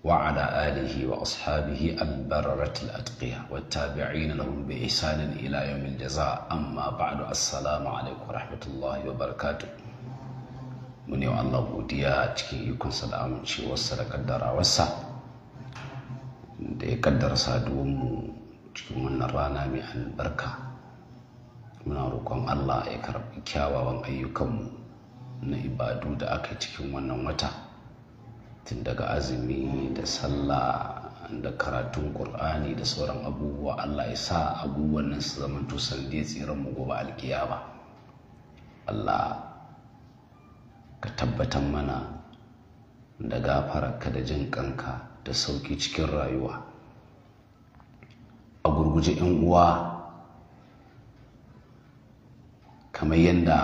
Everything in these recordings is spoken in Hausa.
وعلى آله وأصحابه البررة الأتقياء والتابعين لهم بإحسان إلى يوم الجزاء أما بعد السلام عليكم ورحمة الله وبركاته من يو الله وديا cikin ikon sa amince wasu da kaddarawarsa da ya kaddara saduwanmu cikin wannan rana mai albarka muna roƙon Allah ya karɓi kyawawan ayyukanmu na ibadu da aka cikin wannan wata tun daga azumi da sallah da karatun ƙur'ani da sauran abubuwa Allah ya sa abubuwan nan su zama tusan da ya tsira mu gobe ba, Allah ka tabbatar mana da gafararka da jin kanka da sauki cikin rayuwa a gurguje yan uwa kamar yadda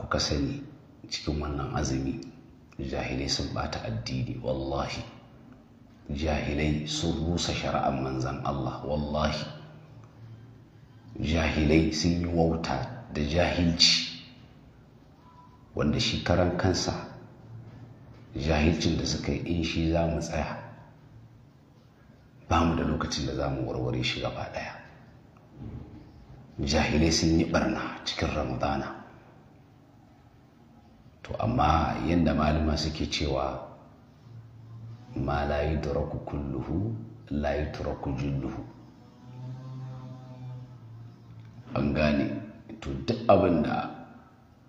kuka sani cikin wannan azumi jahilai sun bata addini wallahi jahilai sun rusa shari'ar manzan Allah wallahi jahilai sun yi wauta da jahilci wanda shi karan kansa jahilcin da suka yi in shi za mu tsaya ba mu da lokacin da za mu warware shi gaba ɗaya jahilai sun yi barna cikin ramadana to amma yadda malama suke cewa ma la yi turaku kulluhu la yi turaku julluhu an gane to duk abin da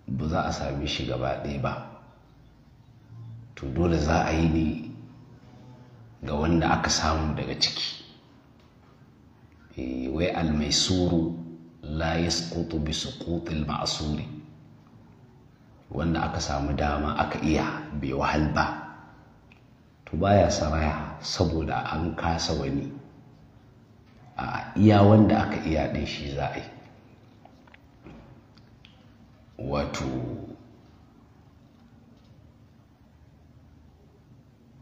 ba za a sami shi gaba ɗaya ba to dole za a yi ne ga wanda aka samu daga ciki eh, wai almaisuru la yasqutu bi suqutil ma'suri wanda aka samu dama aka iya bai wahal ba to baya saraya saboda an kasa wani a iya wanda aka iya ɗin shi za a yi wato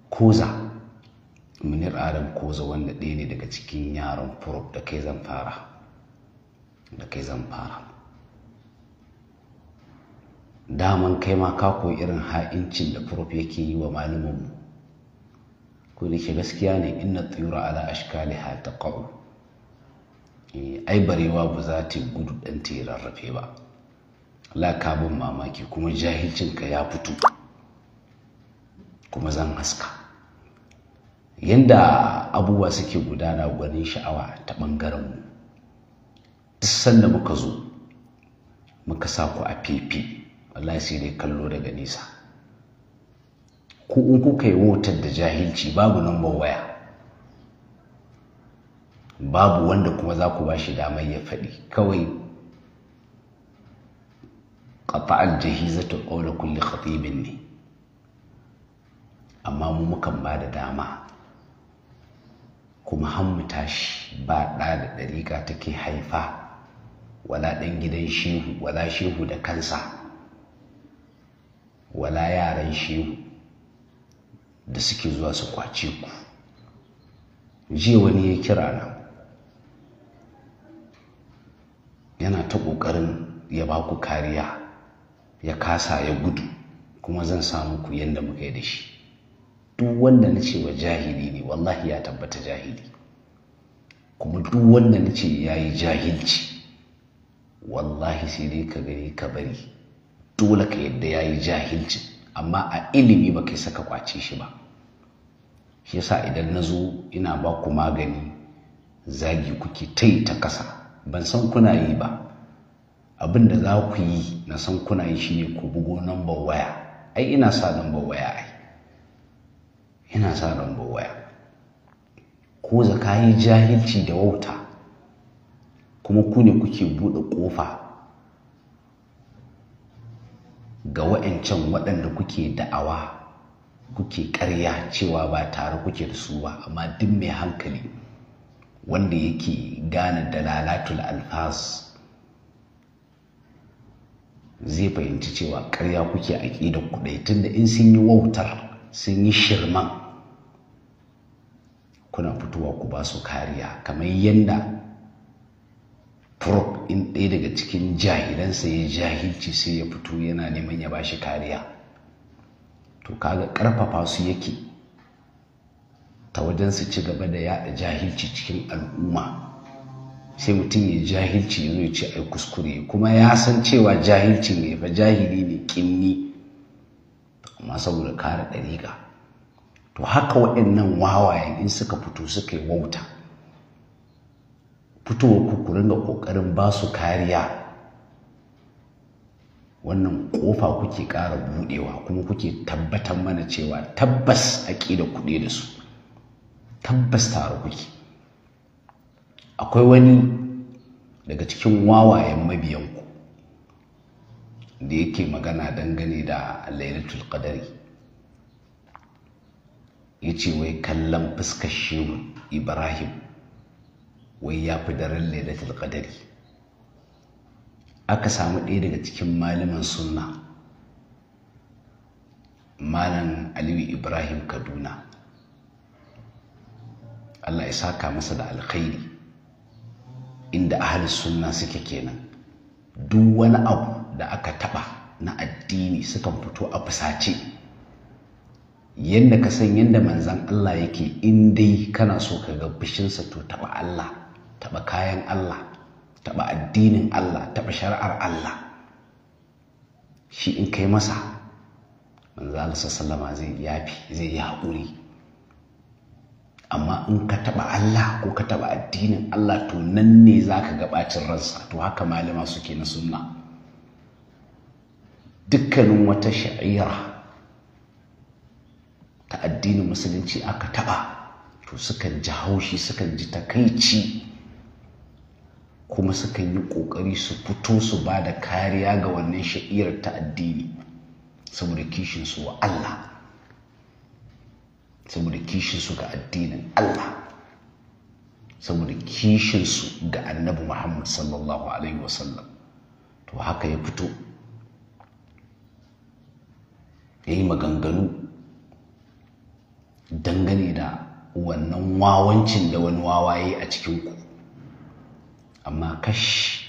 koza munir adam koza wanda ɗaya ne daga cikin yaran furuf da kai zan fara da kai zan fara daman kai ma ka koyi irin ha'incin da prof yake yi wa malaminmu. ko da ke gaskiya ne inna tsira ala ashkali ha ta eh, ai barewa ba za ta gudu ɗan ta yi rarrafe ba la ka bin mamaki kuma jahilcinka ya fito kuma zan haska yadda abubuwa suke gudana gwanin sha'awa ta ɓangaren mu duk sanda muka zo muka sa ku a fefe wallahi sai dai kallo daga nisa ku in kuka yi wutar da jahilci babu lambar waya babu wanda kuma za ku ba shi damar ya faɗi kawai ƙafa ta ƙaula kulli khatibin ne amma mu mukan ba da dama kuma hannu tashi ba ɗa da ɗariƙa take haifa wala ɗan gidan shehu wala shehu da kansa wala yaran shehu da suke zuwa su kwace ku jiya wani ya kira na yana ta ƙoƙarin ya ba ku kariya ya kasa ya gudu kuma zan samu ku yadda muka yi da shi duk wanda na ce wa jahili ne wallahi ya tabbata jahili kuma duk wanda na ce ya yi jahilci wallahi sai dai ka gani ka bari dole ka yadda ya yi jahilci amma a ilimi ba kai saka kwace shi ba shi yasa idan na zo ina ba ku magani zagi kuke ta yi ta kasa ban san kuna yi ba abin da za ku yi na san kuna yi shine ku bugo nambar waya ai ina sa nambar waya ai ina sa nambar waya ko zaka yi jahilci da wauta kuma ku ne kuke buɗe ƙofa ga wa'ancan waɗanda kuke da'awa kuke ƙarya cewa ba tare kuke da su ba amma duk mai hankali wanda yake gane dalalatul alfas zai fahimci cewa ƙarya kuke a da kuɗai tunda in sun yi wautar sun yi shirman kuna fitowa ku ba su kariya kamar yadda prop in ɗaya daga cikin jahilansa ya jahilci sai ya fito yana neman ya bashi kariya to kaga karfafa su yake ta wajen su ci gaba da yaɗa jahilci cikin al'umma sai mutum ya jahilci ya zo ce ai kuskure kuma ya san cewa jahilci ya fa jahili ne kinni amma saboda kare ɗariƙa to haka waɗannan wawayen in suka fito suka yi wauta fitowa ku ku ringa kokarin ba su kariya wannan ƙofa kuke ƙara buɗewa kuma kuke tabbatar mana cewa tabbas aƙida kuɗi da su tabbas tare kuke akwai wani daga cikin wawayen mabiyanku da yake magana dangane da lailatul qadari ya ce wai kallon fuskar shehu ibrahim wai ya fi daren lailatul qadari aka samu ɗaya daga cikin malaman sunna malam aliyu ibrahim kaduna allah ya saka masa da alkhairi inda ahli sunna suke kenan duk wani abu da aka taba na addini suka fito a fusace yadda ka san yadda manzan allah yake in dai kana so ka ga bishinsa to taba allah taɓa kayan Allah taɓa addinin Allah taɓa shari'ar Allah shi in kai masa manzala sallama zai yafi zai yi haƙuri amma in ka taɓa Allah ko ka taɓa addinin Allah to nan ne za ka ga ɓacin ransa to haka malama suke na sunna dukkanin wata sha'ira ta addinin musulunci aka taɓa to sukan ji haushi sukan ji takaici kuma sukan yi ƙoƙari su fito su ba da kariya ga wannan sha'irar ta addini saboda kishin su wa Allah saboda kishin su ga addinin Allah saboda kishin su ga annabi Muhammad sallallahu alaihi wasallam to haka ya fito ya yi maganganu dangane da wannan wawancin da wani wawaye a cikin ku amma kashi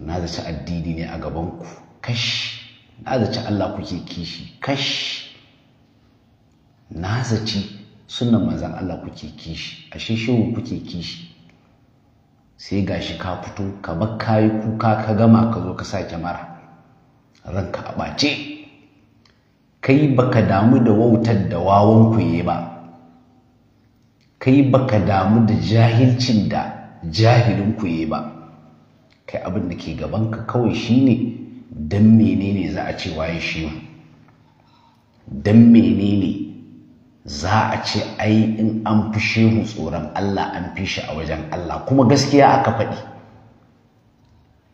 na zaci addini ne a gabanku Kashi na zaci Allah kuke kishi kashi na zaci sunan manzan Allah kuke kishi ashe shehu kuke kishi sai gashi ka fito ka bar kayi kuka ka gama ka zo ka sa kyamara ranka a ɓace kai baka damu da wautar da wawan kuye ba kai baka damu da jahilcin da jahilin ku yi ba kai abin da ke gabanka kawai shine dan menene za a ce waye shi dan menene za a ce ai in an fi shehu tsoron Allah an fi shi a wajen Allah kuma gaskiya aka faɗi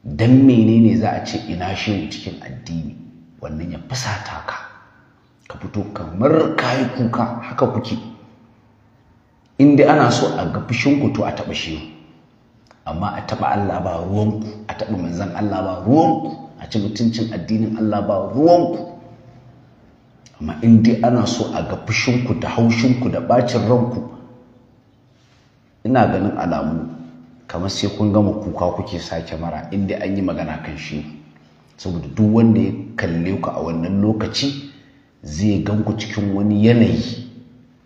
dan menene za a ce ina shehu cikin addini wannan ya fusata ka ka fito kamar kayi kuka haka kuke in dai ana so a ga fushinku to a taɓa shehu amma a taɓa Allah ba ruwanku a taɓa manzan Allah ba ruwanku a ci mutuncin addinin Allah ba ruwanku amma in dai ana so a ga fushinku da haushinku da ɓacin ranku ina ganin alamu kamar sai kun gama kuka kuke sake mara inda an yi magana kan shi saboda duk wanda ya kalle ku a wannan lokaci zai gan ku cikin wani yanayi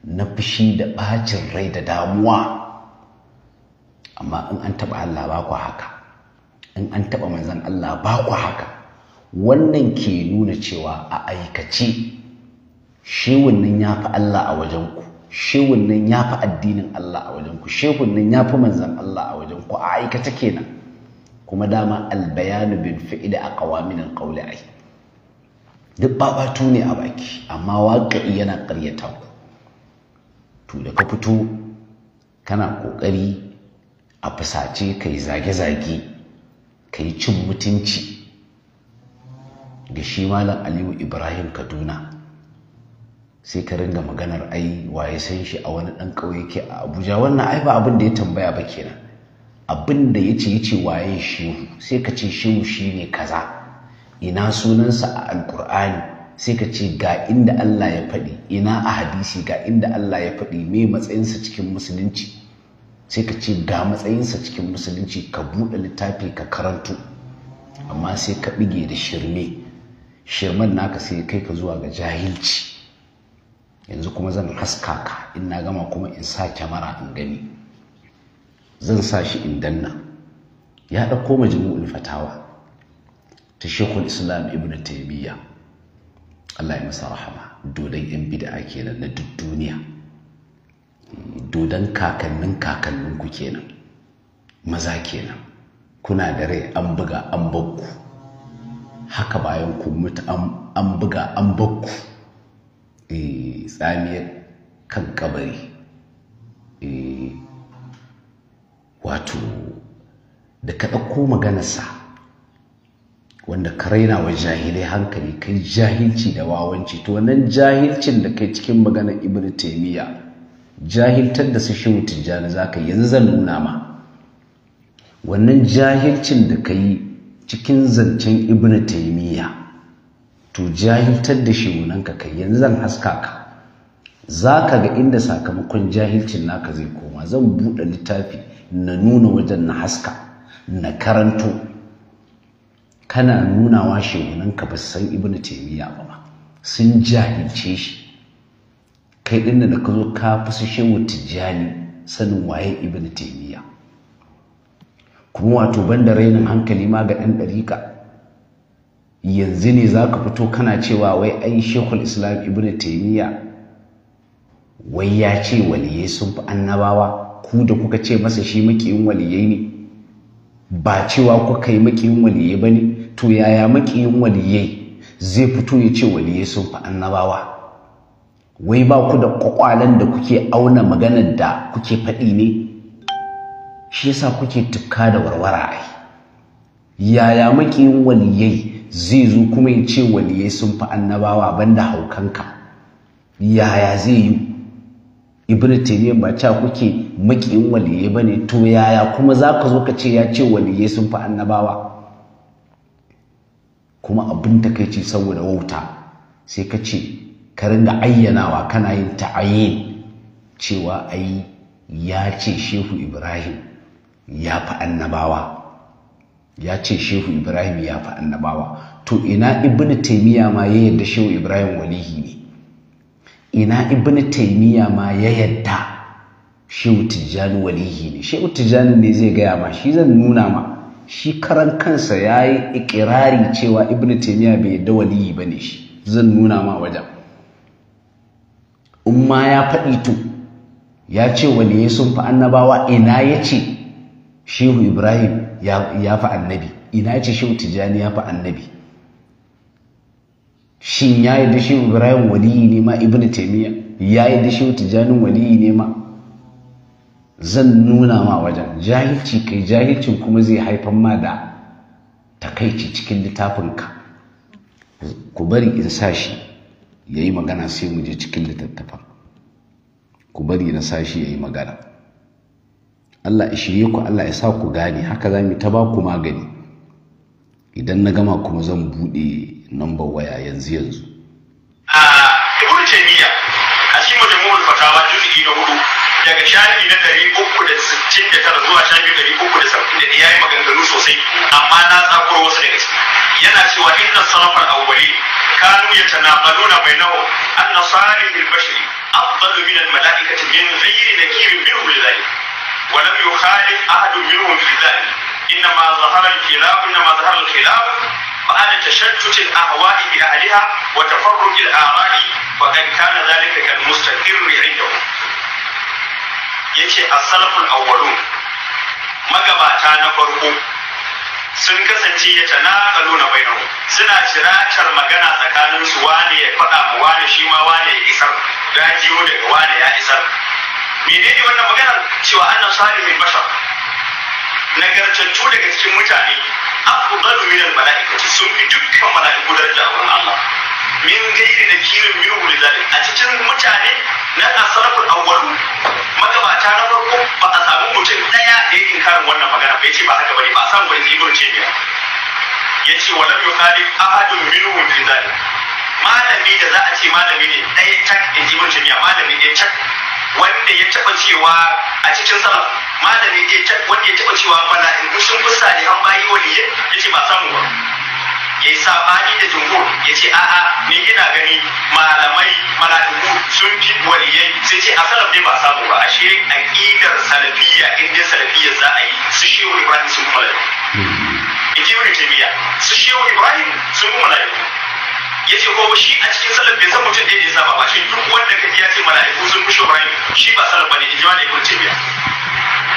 na fushi da ɓacin rai da damuwa amma in an taɓa Allah ba ku haka in an taɓa manzan Allah ba ku haka wannan ke nuna cewa a aikace shi wannan ya fi Allah a wajen ku wannan ya fi addinin Allah a wajen ku wannan ya fi manzan Allah a wajen a aikace kenan kuma dama albayanu bin fi'ida a qawamin a ai duk babatu ne a baki amma waƙi yana ƙaryata ku to da ka fito kana ƙoƙari a fusace ka yi zage-zage ka yi cin mutunci ga shi malam aliyu ibrahim kaduna sai ka ringa maganar ai waye san shi a wani ɗan ƙauye ke a abuja wannan ai ba abin da ya tambaya ba kenan abin da ya ce ya ce waye shehu sai ka ce shehu shi ne kaza ina sunansa a alkur'ani sai ka ce ga inda allah ya faɗi ina a hadisi ga inda allah ya faɗi mai matsayinsa cikin musulunci sai ka ce ga matsayinsa cikin musulunci ka buɗe littafi ka karantu amma sai ka ɓige da shirme shirman naka sai kai ka zuwa ga jahilci yanzu kuma zan haska ka in na gama kuma in sa kyamara in gani zan sa shi in danna ya ɗauko majmu'ul fatawa ta shekul islam ibn taimiyya allah ya masa rahama dodon yan bid'a kenan na duk duniya dodon kakannin kakanninku kenan maza kenan kuna da rai an buga an bakku haka bayan ku mutu an buga an bakku eh, tsamiyar kan kabari eh, wato da ka ɗauko maganarsa wanda ka raina wa jahilai hankali kai jahilci da wawanci to wannan jahilcin da kai cikin maganar ibn taimiyya jahiltar da su shehu tijjani za ka yanzu zan nuna ma wannan jahilcin da ka yi cikin zancen Ibn taimiyya to jahiltar da wunan ka yanzu zan haska ka za ka ga inda sakamakon jahilcin naka zai koma zan buɗe littafi na nuna wajen na haska na karanto kana nunawa ka ba san Ibn taimiyya ba sun jahilce shi kai din da ka zo ka fi su shehu tijjani sanin waye ibnu taymiya kuma wato banda rainin hankali ma ga ɗan ɗariƙa yanzu ne zaka fito kana cewa wai ai shekul islam ibnu taymiya wai ya ce waliyai sun fi annabawa ku da kuka ce masa shi makiyin waliyai ne ba cewa kuka yi makiyin waliyai ba ne to yaya makiyin waliyai zai fito ya ce waliyai sun fi annabawa wai ba ku da kwakwalen da kuke auna maganar da kuke faɗi ne shi yasa kuke tuka da warwara ai yaya makiyin waliyai zai zo kuma ya ce waliyai sun fi annabawa banda haukanka yaya zai yi ibn taymiyyah ba cewa kuke makiyin waliyai bane to yaya kuma za ka zo ka ce ya ce waliyai sun fi annabawa kuma abin takaici saboda wauta sai ka ce ka ringa ayyanawa kana yin ta'ayin cewa ai ya ce shehu ibrahim ya fi annabawa ya ce shehu ibrahim ya fi annabawa to ina ibn taimiyya ma ya yadda shehu ibrahim walihi ne ina ibn taimiyya ma ya yadda shehu tijjani walihi ne shehu tijjani ne zai gaya ma shi zan nuna ma shi karan kansa ya yi ikirari cewa ibn taimiyya bai yadda walihi ba ne shi zan nuna ma wajen in ma ya faɗi to ya ce Wani ya sun fi annabawa ina ya ce shehu ibrahim ya fi annabi ina ya ce shehu tijjani ya fi annabi shin ya yi da shehu ibrahim waliyi ne ma Ibn taimiyya ya yi da shehu Tijjani waliyi ne ma zan nuna ma wajen jahilci kai jahilcin kuma zai haifan ma da takaici cikin littafinka ku bari in sa shi ya yi magana sai mu je cikin littattafan ku bari na sashi ya yi magana Allah ya shirye ku Allah ya sa ku gane haka za mu ta ba ku magani idan na gama kuma zan buɗe nambar waya yanzu yanzu. Ah, daga shafi na ɗari uku da sittin da tara zuwa shafi ɗari uku da saba'in da ya yi maganganu sosai amma na tsakuro wasu daga ciki yana cewa inna sarafar awwali kanu yatanaqaluna bainahum anna salih al-bashri afdalu min al-mala'ikati min ghayri nakirin minhum lidhalik ولم يخالف أحد منهم في ذلك إنما ظهر الخلاف إنما ظهر الخلاف بعد تشتت الأهواء بأهلها وتفرق الآراء وقد كان ذلك كالمستقر عندهم yace as-salaful awwalu magabata na farko sun kasance ya tanaqalu na bainahu suna shiratar magana tsakanin su wane ya faɗa mu wane shi ma wane ya isar rajiyo daga wane ya isar menene wannan maganar cewa annan salimin bashar nagartattu daga cikin mutane afdalu min al-mala'ikati sun fi dukkan mala'iku daraja a Allah min gairi da kirin min wulidatin a cikin mutane na asarafin awwalu magabata na farko ba a samu mutum daya da yake karin wannan magana ba ya ce ba haka bane ba a samu wani Ya ce wa walam yukhalif ahadun minhum fi zalik malami da za a ce malami ne ɗaya tak in ce biya malami ɗaya tak wanda ya taɓa cewa a cikin salaf malami ɗaya tak wanda ya taɓa cewa in kushin kusa ne an bayi ya ce ba samu ba ya yi sabani da jungo ya ce a'a ni ina gani malamai mala'iku sun fi waliyai sai ce a salaf ne ba samu ba shi aqidar salafiyya in dai salafiya za a yi su wa ibrahim sun kuma mala'iku hmm. ita ibn taymiya su wa ibrahim sun kuma mala'iku ya ce kowa shi a cikin salaf bai san mutum da ya saba ba shi duk wanda ka ya ce mala'iku sun fi shehu ibrahim shi ba salaf bane in ji wani ibn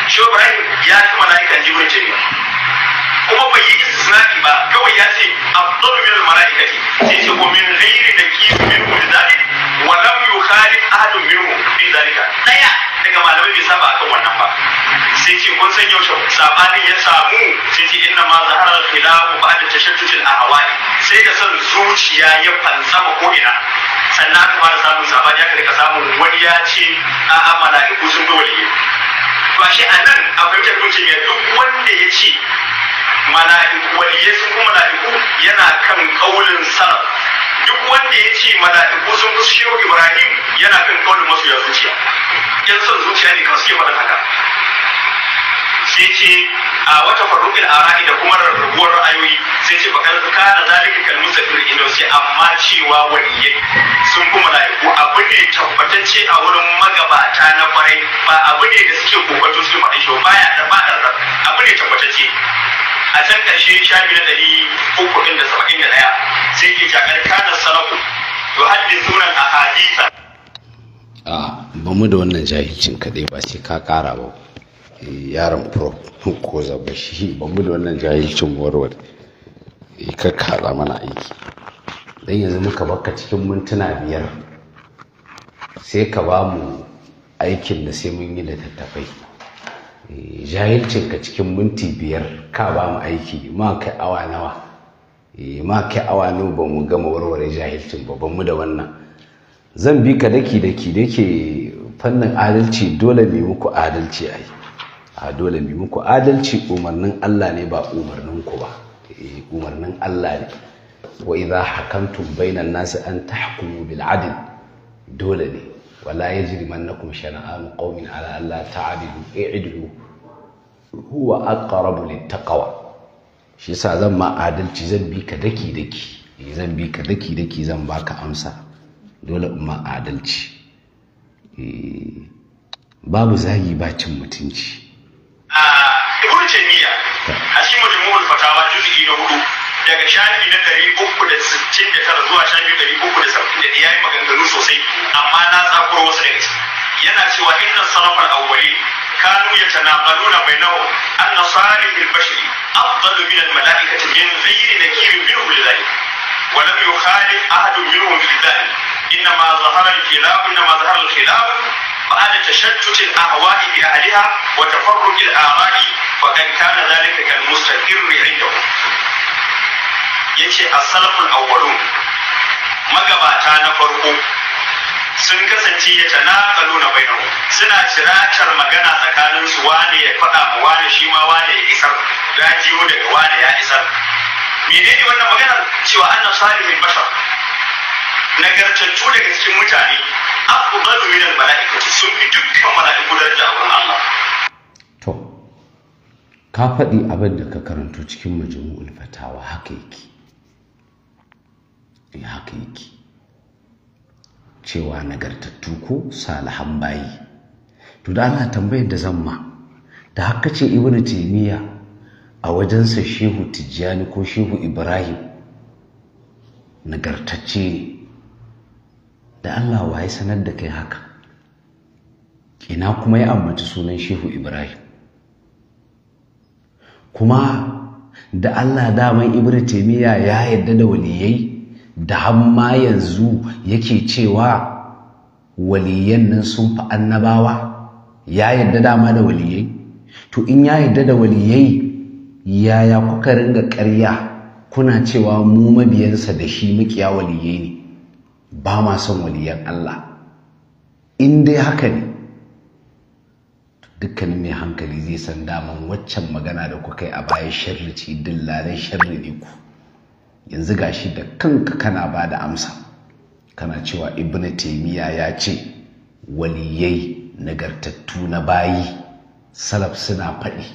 shi ibrahim ya fi mala'ikan ibn taymiya kuma bai yi isnadi ba kawai ya ce afdalu min malaikati sai ce ko min ghairi nakir min mizali wa lam yukhalif ahadun minhu fi zalika daya daga malamai bai saba akan wannan ba sai ce kun san yaushe sabanin ya samu sai ce inna ma zahara ba khilafu ba'da tashattut a ahwai sai da son zuciya ya fansama ko ina sannan aka fara samun sabani ya ka samun wani ya ce a'a mala'iku sun ga waliyyi Bashi a nan a fahimtar mutum ya duk wanda ya ce mala'iku waliyai sun kuma mala'iku yana kan kaulin salaf duk wanda ya ce mala'iku sun fi ibrahim yana kan kaulin masu ya zuciya yan son zuciya ne kan suke faɗin haka sai ce a wata faruqil ara'i da kuma rarrabuwar ra'ayoyi sai ce bakan kana zalika kal musafir inda sai amma cewa waliyai sun kuma ku abu ne tabbatacce a wurin magabata na farai ba abu ne da suke kokato suke faɗin shi baya da ba da abu ne tabbatacce a can ƙarshe shafi na ɗari uku ɗin da saba'in da ɗaya sai ke jakar kana salafu yuhaddithuna al-ahaditha a ba mu da wannan jahilcin kaɗai ba sai ka ƙara ba Eh, yaron prof ko zaba shi ban mu da wannan jahilcin warware eh, ka kaza mana aiki dan yanzu muka baka cikin mintuna biyar sai ka ba mu aikin da sai mun yi da tattafai. Eh, jahilcin ka cikin minti biyar ka ba mu aiki ma kai awa nawa ma kai awa nawa ba mu gama warware jahilcin ba ban mu da wannan zan bi ka daki daki da fannin adalci dole ne muku adalci a a dole mu muku adalci umarnin Allah ne ba umarnin ku ba eh, umarnin Allah ne wa idza hakamtum bainan nasi an tahkumu bil adl dole ne wala yajrimannakum shana'an qaumin ala alla ta'dilu i'dilu huwa aqrabu lit taqwa shi yasa zan ma adalci zan bi ka daki daki eh, zan bi ka daki daki zan baka amsa dole in ma adalci eh, babu zagi ba cin mutunci Ah, ibn taymiya a shi cikin majmu'ul fatawa juz'i na hudu daga shafi na ɗari uku da sittin da tara zuwa shafi ɗari uku da saba'in da ya yi maganganu sosai amma na tsakuro wasu daga ciki yana cewa inna salafal awwali kanu ya tana yatanaqaluna bainahum anna salih al-bashri afdalu min al-mala'ikati min ghayri nakirin minhum lidhalik wa lam yukhalif ahadun minhum fi dhalik إنما ظهر الخلاف إنما ظهر الخلاف بعد تشتت الأهواء بأهلها وتفرق الآراء فقد كان ذلك كالمستقر عنده يتي السلف salaful awwalun magabata na sun kasance ya tanaqalu na bainahu suna ciratar magana tsakanin su wane ya faɗa ma wane shi ma wane ya isar rajiyo daga wane ya isar menene wannan magana cewa annas salihul bashar nagartattu daga cikin mutane ba min al mala'ikaci sun fi dukkan mala'iku da jawon Allah to ka faɗi abin da ka karanto cikin majimu fatawa haka yake Ya eh, haka yake cewa nagartattu ko salihan bayi to da ana tambayar da zamma da haka ce ibnu taymiya a wajensa shehu tijjani ko shehu ibrahim nagartacce ne da Allah wa ya sanar da kai haka ina kuma ya ambaci sunan shehu ibrahim kuma da Allah daman Ibrahim taimiyya ya yadda da waliyai da hamma yanzu yake cewa waliyan nan sun fi annabawa ya yadda dama da waliyai to in ya yadda da waliyai yaya kuka ringa karya kuna cewa mu mabiyansa da shi makiya waliyai ne ba ma son waliyan Allah in dai haka ne dukkanin mai hankali zai san daman waccan magana da kuka yi a baya sharri ce dillalai sharri ne ku yanzu gashi da kanka kana ba da amsa kana cewa ibn taimiyya ya ce waliyai nagartattu na bayi salaf suna faɗi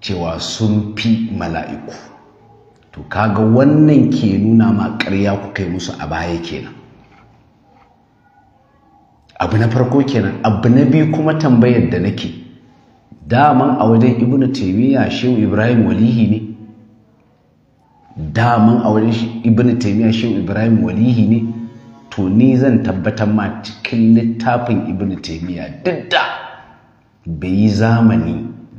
cewa sun fi mala'iku to kaga wannan ke nuna ma ƙarya ku kai musu a baya kenan abu na farko kenan abu na biyu kuma tambayar da nake daman a wajen ibnu taimiyya shehu ibrahim walihi ne daman a wajen ibnu taimiyya shehu ibrahim walihi ne to ni zan tabbatar ma cikin littafin ibnu taimiyya duk da bai yi zamani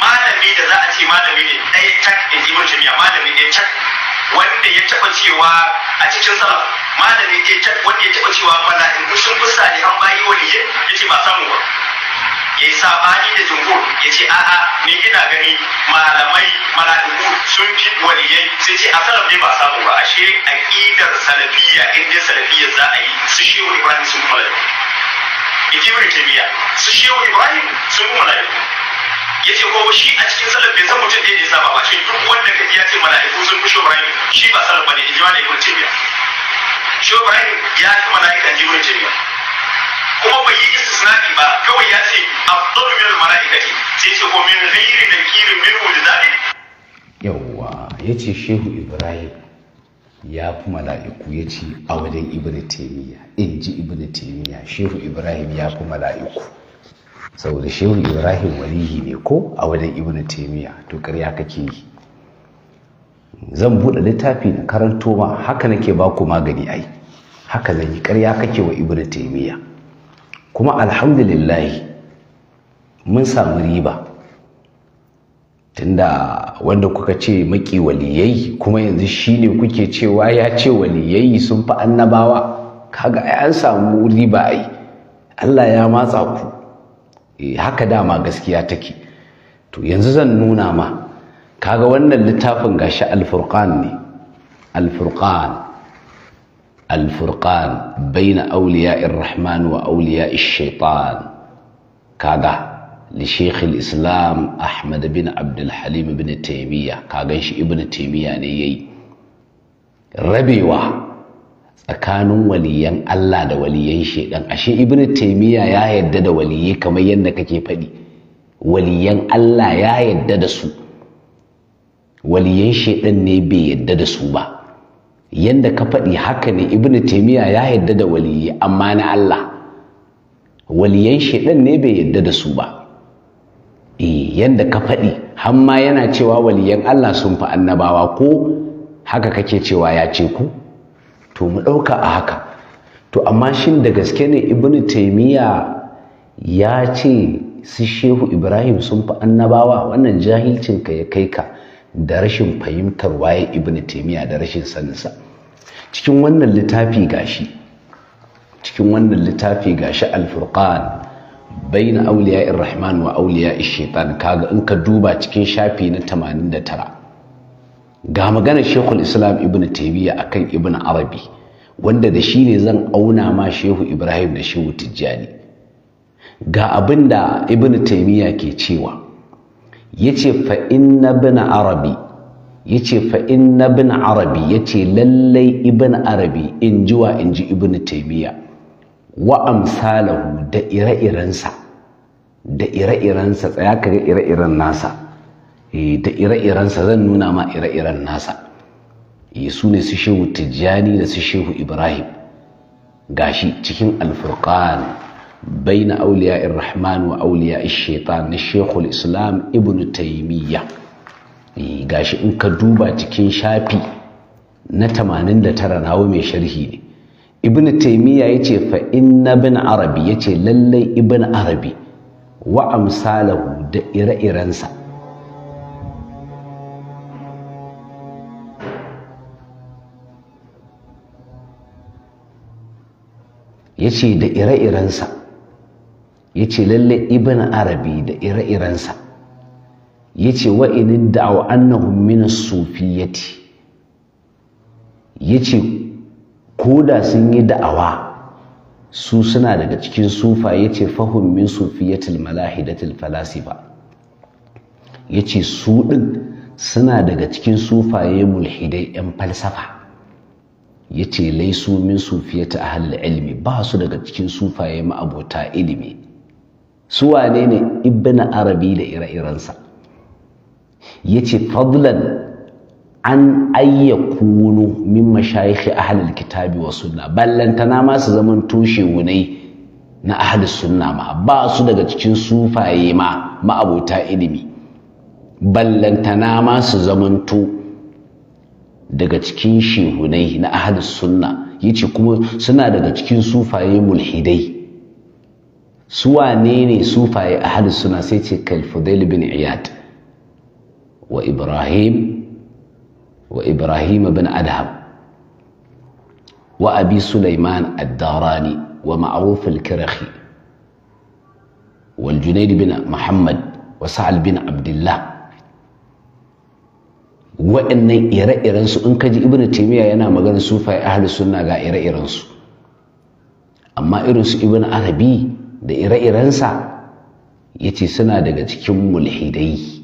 malami da za a ce malami ne ɗaya tak in ji jami'a malami ɗaya tak wanda ya taɓa cewa a cikin salaf malami ɗaya tak wanda ya taɓa cewa bala in kushin kusa ne an bayi wani ya ce ba samu ba ya yi sabani da jungo ya ce a'a ni ina gani malamai mala'iku sun fi wani waliyai sai ce a salaf ne ba samu ba ashe aqidar salafiyya in dai salafiya za a yi su shehu ibrahim sun kuma mala'iku ibn taymiya su ibrahim sun kuma mala'iku ya ce kuma shi a cikin salaf bai san mutum da yake saba ba shi duk wanda ka ya ce mala'iku sun fi shobrayin shi ba salaf ba ne in ji wani ibn tabiya shobrayin ya fi mala'ika ji ibn tabiya kuma bai yi istisnafi ba kawai ya ce afdalu min mala'ikati sai ce ko min ghairi nakirin min wulzani yawwa yace shehu ibrahim ya fi mala'iku ya ce a wajen ibn taimiyya in ji ibn taimiyya shehu ibrahim ya fi mala'iku saboda shehu ibrahim walihi ne ko a wajen ibn taimiya to ƙarya kake yi zan buɗe littafi na karanto ma haka nake ba ku magani ai haka zan yi ƙarya kake wa ibn taimiya kuma alhamdulillahi mun samu riba tunda wanda kuka ce maki waliyai kuma yanzu shine kuke cewa ya ce waliyai sun fi annabawa kaga ai an samu riba ai Allah ya matsa ku haka dama gaskiya take to yanzu zan nuna ma kaga wannan littafin gashi al-furqan ne al-furqan al-furqan baina awliya'ir rahman wa awliya'ish shaitan kaga li shaykh islam ahmad bin abd halim bin taymiya kaga shi ibn taymiya ne yayi rabewa tsakanin waliyan Allah da waliyan shaidan ashe ibnu taymiya ya yadda da waliyi kamar yadda kake faɗi waliyan Allah ya yadda da su waliyan shaidan ne bai yadda da su ba yadda ka faɗi haka ne ibnu taymiya ya yadda da waliyi amma na Allah waliyan shaidan ne bai yadda da su ba eh yanda ka faɗi har ma yana cewa waliyan Allah sun fi annabawa ko haka kake cewa ya ce ku to mu ɗauka a haka to amma shin da gaske ne ibnu taimiyya ya ce su shehu ibrahim sun fi annabawa wannan jahilcin ka ya kai ka da rashin fahimtar waye ibnu taimiyya da rashin saninsa cikin wannan littafi gashi cikin wannan littafi gashi alfurqan bayna auliya rahman wa awliya'ish shaitan kaga in ka duba cikin shafi na 89 ga maganar shekul islam ibn taimiyya akan ibn arabi wanda da shi ne zan auna ma shehu ibrahim da shehu tijjani ga abin da ibn taimiyya ke cewa ya ce fa'in na bin arabi ya ce fa'in na arabi ya ce lallai ibn arabi in ji wa in ji ibn taimiyya wa amsalahu da ire-irensa da ire-irensa tsaya kaga ire-iren nasa ta eh, ire-irensa zan nuna ma ire-iren nasa eh, su ne su shehu tijjani da su shehu ibrahim gashi cikin bai baina auliya rahman wa auliya shaitan na shekul islam ibn taimiyya eh, gashi in ka duba cikin shafi na 89 hau mai sharhi ne ibn taimiyya ya ce fa'in na bin arabi ya ce lallai ibn arabi wa amsalahu da ire-irensa ya ce da ire-irensa ya ce lalle ibn arabi da ire-irensa ya ce wa'inin da'awa annahum min sufiyati ya ce ko da sun yi da'awa su suna daga cikin sufa ya ce fahim min sufiyatil malahidatil falasifa ya ce su ɗin suna daga cikin sufaye mulhidai 'yan falsafa ya ce laisu min ta ahlul ilimi ba su daga cikin sufaye ma'abota ilimi su wane ne ibn arabi da ire-irensa ya ce fadlan an ayyakunu min mashayikhi ahlul kitabi wa sunna ballantana ma su zaman toshe wunai na ahlus sunna ma ba su daga cikin sufaye ma ma'abota ilimi ballantana ma su zamanto daga cikin shehunai na ahlus sunna yace kuma suna daga cikin sufaye mulhidai su wane ne sufaye ahlus sunna sai ce kalfudail bin iyad wa ibrahim wa ibrahim bin adham wa abi sulaiman ad-darani wa ma'ruf al-kirahi wal junayd bin muhammad wa sa'al bin abdullah waɗannan ire irensu in ka ji Ibn taimiyya yana magana sufai ahlus sunna ga ire irensu amma irin su arabi da ire-irensa yace suna daga cikin mulhidai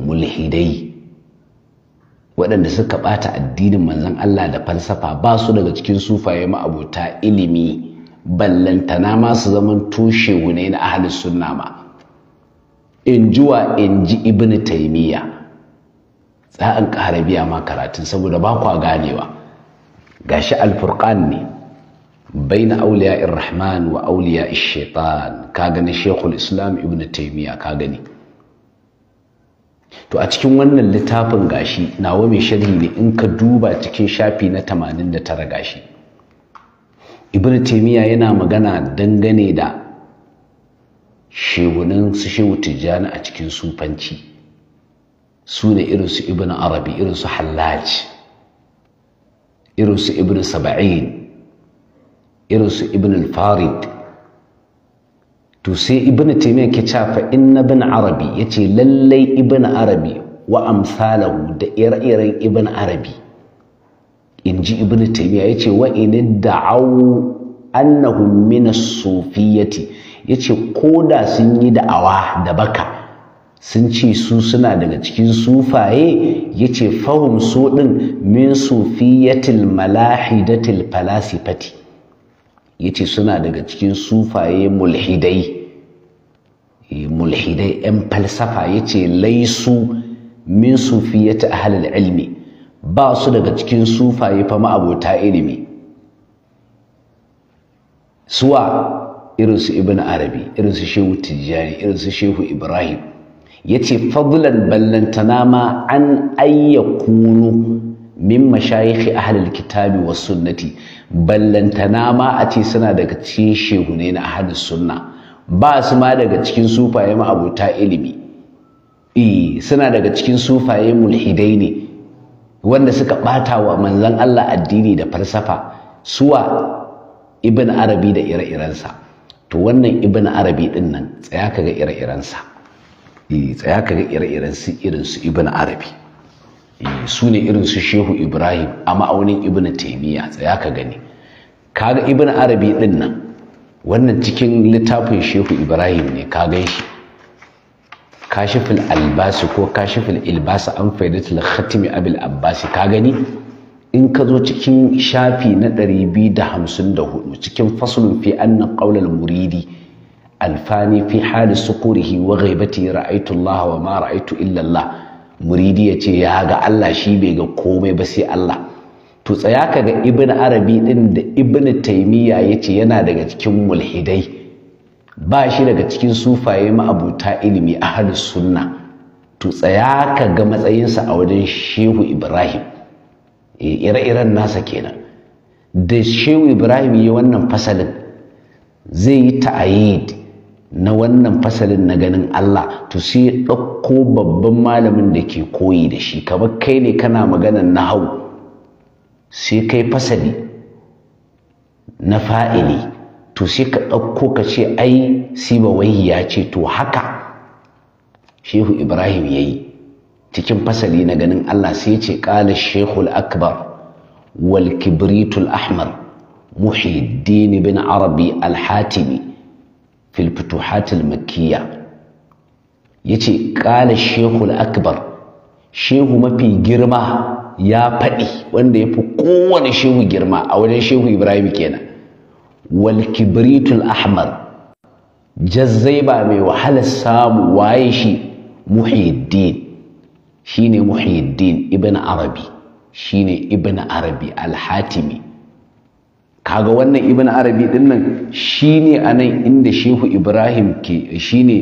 mulhidai waɗanda suka ɓata addinin manzon Allah da falsafa ba su daga cikin sufaye ma'abuta ilimi ballantana ma su zaman tushe wune na ahalin sunna ma in jiwa in ji ibn taimiyya za a ƙara biya ma karatun saboda ba kwa ganewa gashi alfurkan ne Bai na auliya irrahman wa auliya shaitan ka gani shekul islam ibn taimiya ka gani to a cikin wannan littafin gashi nawa mai sharhi ne in ka duba cikin shafi na 89 gashi ibn taimiya yana magana dangane da shegunan su shehu tijjani a cikin sufanci su ne irin su ibn arabi irin su hallaj irin su ibn saba'in irin ibn farid to sai ibn taymiyyah ke cafa inna ibn arabi yace lallai ibn arabi wa amsalahu da ire-iren ibn arabi inji ibn taymiyyah yace wa in da'au annahum min as-sufiyyati yace koda sun yi da'awa da baka sun ce su suna daga cikin sufaye ya ce fahim su ɗin min sufiyatil malahidatil falasifati ya ce suna daga cikin sufaye mulhidai eh, mulhidai 'yan falsafa ya ce laisu min sufiyata ahalar ilmi ba su daga cikin sufaye fa ma'abota ilimi suwa irinsu ibn arabi irinsu shehu tijjani irinsu shehu ibrahim yace fadlan ballantana ma an ayyakunu min mashayikhi ahlul kitabi was sunnati ballantana ma a ce suna daga cikin shehune na ahlus sunna ba su ma daga cikin sufaye ma ilimi eh suna daga cikin sufaye mulhidai ne wanda suka bata wa manzon Allah addini da falsafa suwa ibn arabi da ire-irensa to wannan ibn arabi din nan tsaya kaga ire-irensa Eh, tsaya ka ga ire-iren su irin su ibn arabi eh, su ne irin su shehu ibrahim a ma'aunin ibn taimiyya tsaya ka gani kaga ibn arabi din nan wannan cikin littafin shehu ibrahim ne ka gan shi kashifin albasi ko kashifin ilbasi an da khatimi abil abbasi ka gani in ka zo cikin shafi na 254 cikin fasulun fi annan qaulal muridi alfani fi hali sukurihi wa ghaibati ra'aitu Allah wa ma ra'aitu illa Allah muridi yace ya ga Allah shi bai ga komai ba sai Allah to tsaya ga ibnu arabi din da ibnu taymiya yace yana daga cikin mulhidai ba shi daga cikin sufaye ma'abuta ilimi a ahlus sunna to tsaya kaga matsayinsa a wajen shehu ibrahim eh, ire-iren nasa kenan da shehu ibrahim yi wannan fasalin zai yi ta'ayid na wannan fasalin na ganin Allah to sai ya ɗauko babban malamin da ke koyi da shi kamar kai ne kana maganan na hau sai kai fasali na fa'ili to sai ka ɗauko ka ce ai siba wai ya ce to haka shehu ibrahim ya yi cikin fasali na ganin Allah sai ya ce ƙala shehul akbar wal kibritul ahmar muhiddin bin arabi al-hatimi fil makiya yace ƙala shehul akbar shehu mafi girma ya faɗi wanda ya fi kowane shehu girma a wajen shehu ibrahim kenan wal kibritul ahmar jazzai ba mai wahalar samu waye shi muhiddin shine muhiddin ibn arabi shine ibn arabi al-hatimi kaga wannan ibn arabi din nan shine anan inda shehu ibrahim ke shine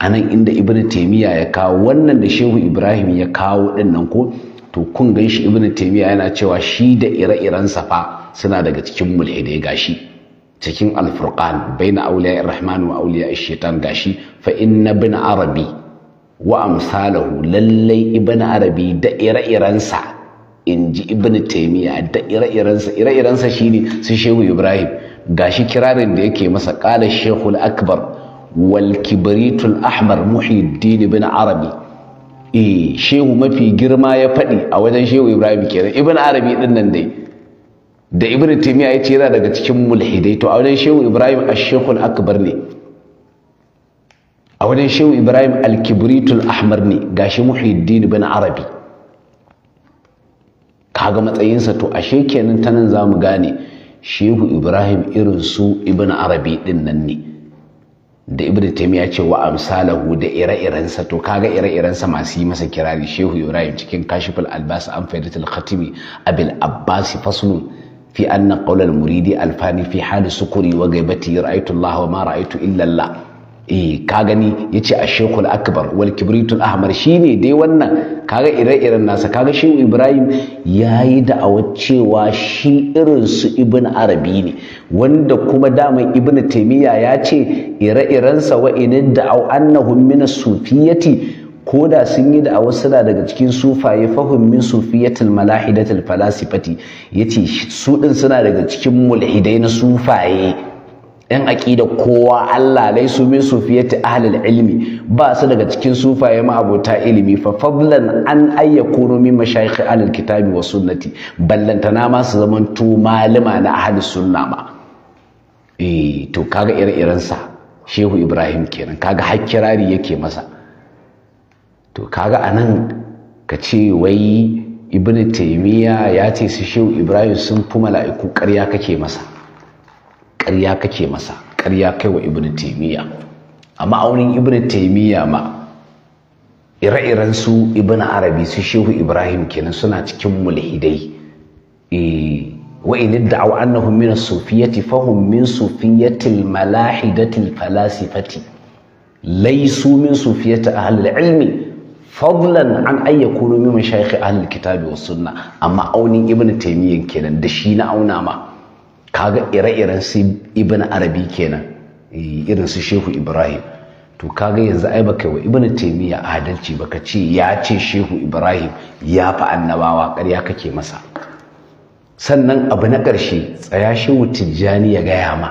anan inda ibn taymiya ya kawo wannan da shehu ibrahim ya kawo din nan ko to kun gan shi ibn taymiya yana cewa shi da ire-iren safa suna daga cikin mulhidai gashi cikin al-furqan baina awliya ar-rahman wa awliya ash-shaytan gashi fa inna ibn arabi wa amsalahu lallai ibn arabi da ire irensa in ji ibn taimiyya da ire-irensa ire-irensa shine su shehu ibrahim gashi kirarin da yake masa qala shehul akbar wal kibritul ahmar muhiddin ibn arabi eh shehu mafi girma ya faɗi a wajen shehu ibrahim kenan ibn arabi din nan dai da ibn taimiyya ya ce yana daga cikin mulhidai to a wajen shehu ibrahim ashehul akbar ne a wajen shehu ibrahim al-kibritul ahmar ne gashi muhiddin ibn arabi kaga matsayinsa to ashe kenan ta nan za mu gane shehu ibrahim irin su ibn arabi din nan ne da ibn ya ce wa amsalahu da ire-irensa to kaga ire-irensa masu yi masa kirari shehu ibrahim cikin kashiful albasa, an faidatul khatimi abil abbasi faslun fi anna qawla muridi alfani fi hali sukuri wa ghaibati ra'aytu allah wa ma ra'aytu illa eh ka gani yace ashekul akbar wal kibritul ahmar shine dai wannan kaga ire-iren nasa kaga shehu ibrahim yayi da cewa shi irin su ibn arabi ne wanda kuma daman ibn taymiya ya ce ire-iren sa wa inin au annahum min sufiyati ko da sun yi da'awar suna daga cikin sufaye fahim min sufiyatul malahidatul falasifati yace su din suna daga cikin mulhidai na sufaye yan aqida kowa Allah su min sufiyati ahlil ilmi ba su daga cikin sufaye ma abota ilimi fa fadlan an ayyakunu min mashayikh ahlil kitabi wa sunnati ballantana ma su zaman tu malima na ahlus sunna ma eh to kaga ire-iren sa Shehu Ibrahim kenan kaga hakkirari yake masa to kaga anan ka ce wai ibnu taymiya ya ce su Shehu Ibrahim sun fi mala'iku ƙarya kake masa ƙarya kake masa ƙarya kai wa ibn taimiyya a wani ibn taimiyya ma ire-iren su ibn arabi su shehu ibrahim kenan suna cikin mulhidai eh, wa'in da awa annahum min as-sufiyyati fahum min sufiyyatil malahidatil falasifati laysu min sufiyyati ahli ilmi fadlan an ay yakunu min mashayikh ahli kitabi was-sunnah amma aunin ibn taimiyyan kenan da shi na auna ma kaga ire-iren su ibn arabi kenan eh, irin su shehu ibrahim to kaga yanzu ai baka wa ibn taymiya adalci baka ce ya ce shehu ibrahim ya fi annabawa ƙarya kake masa sannan abu na ƙarshe tsaya shehu tijjani ya gaya ma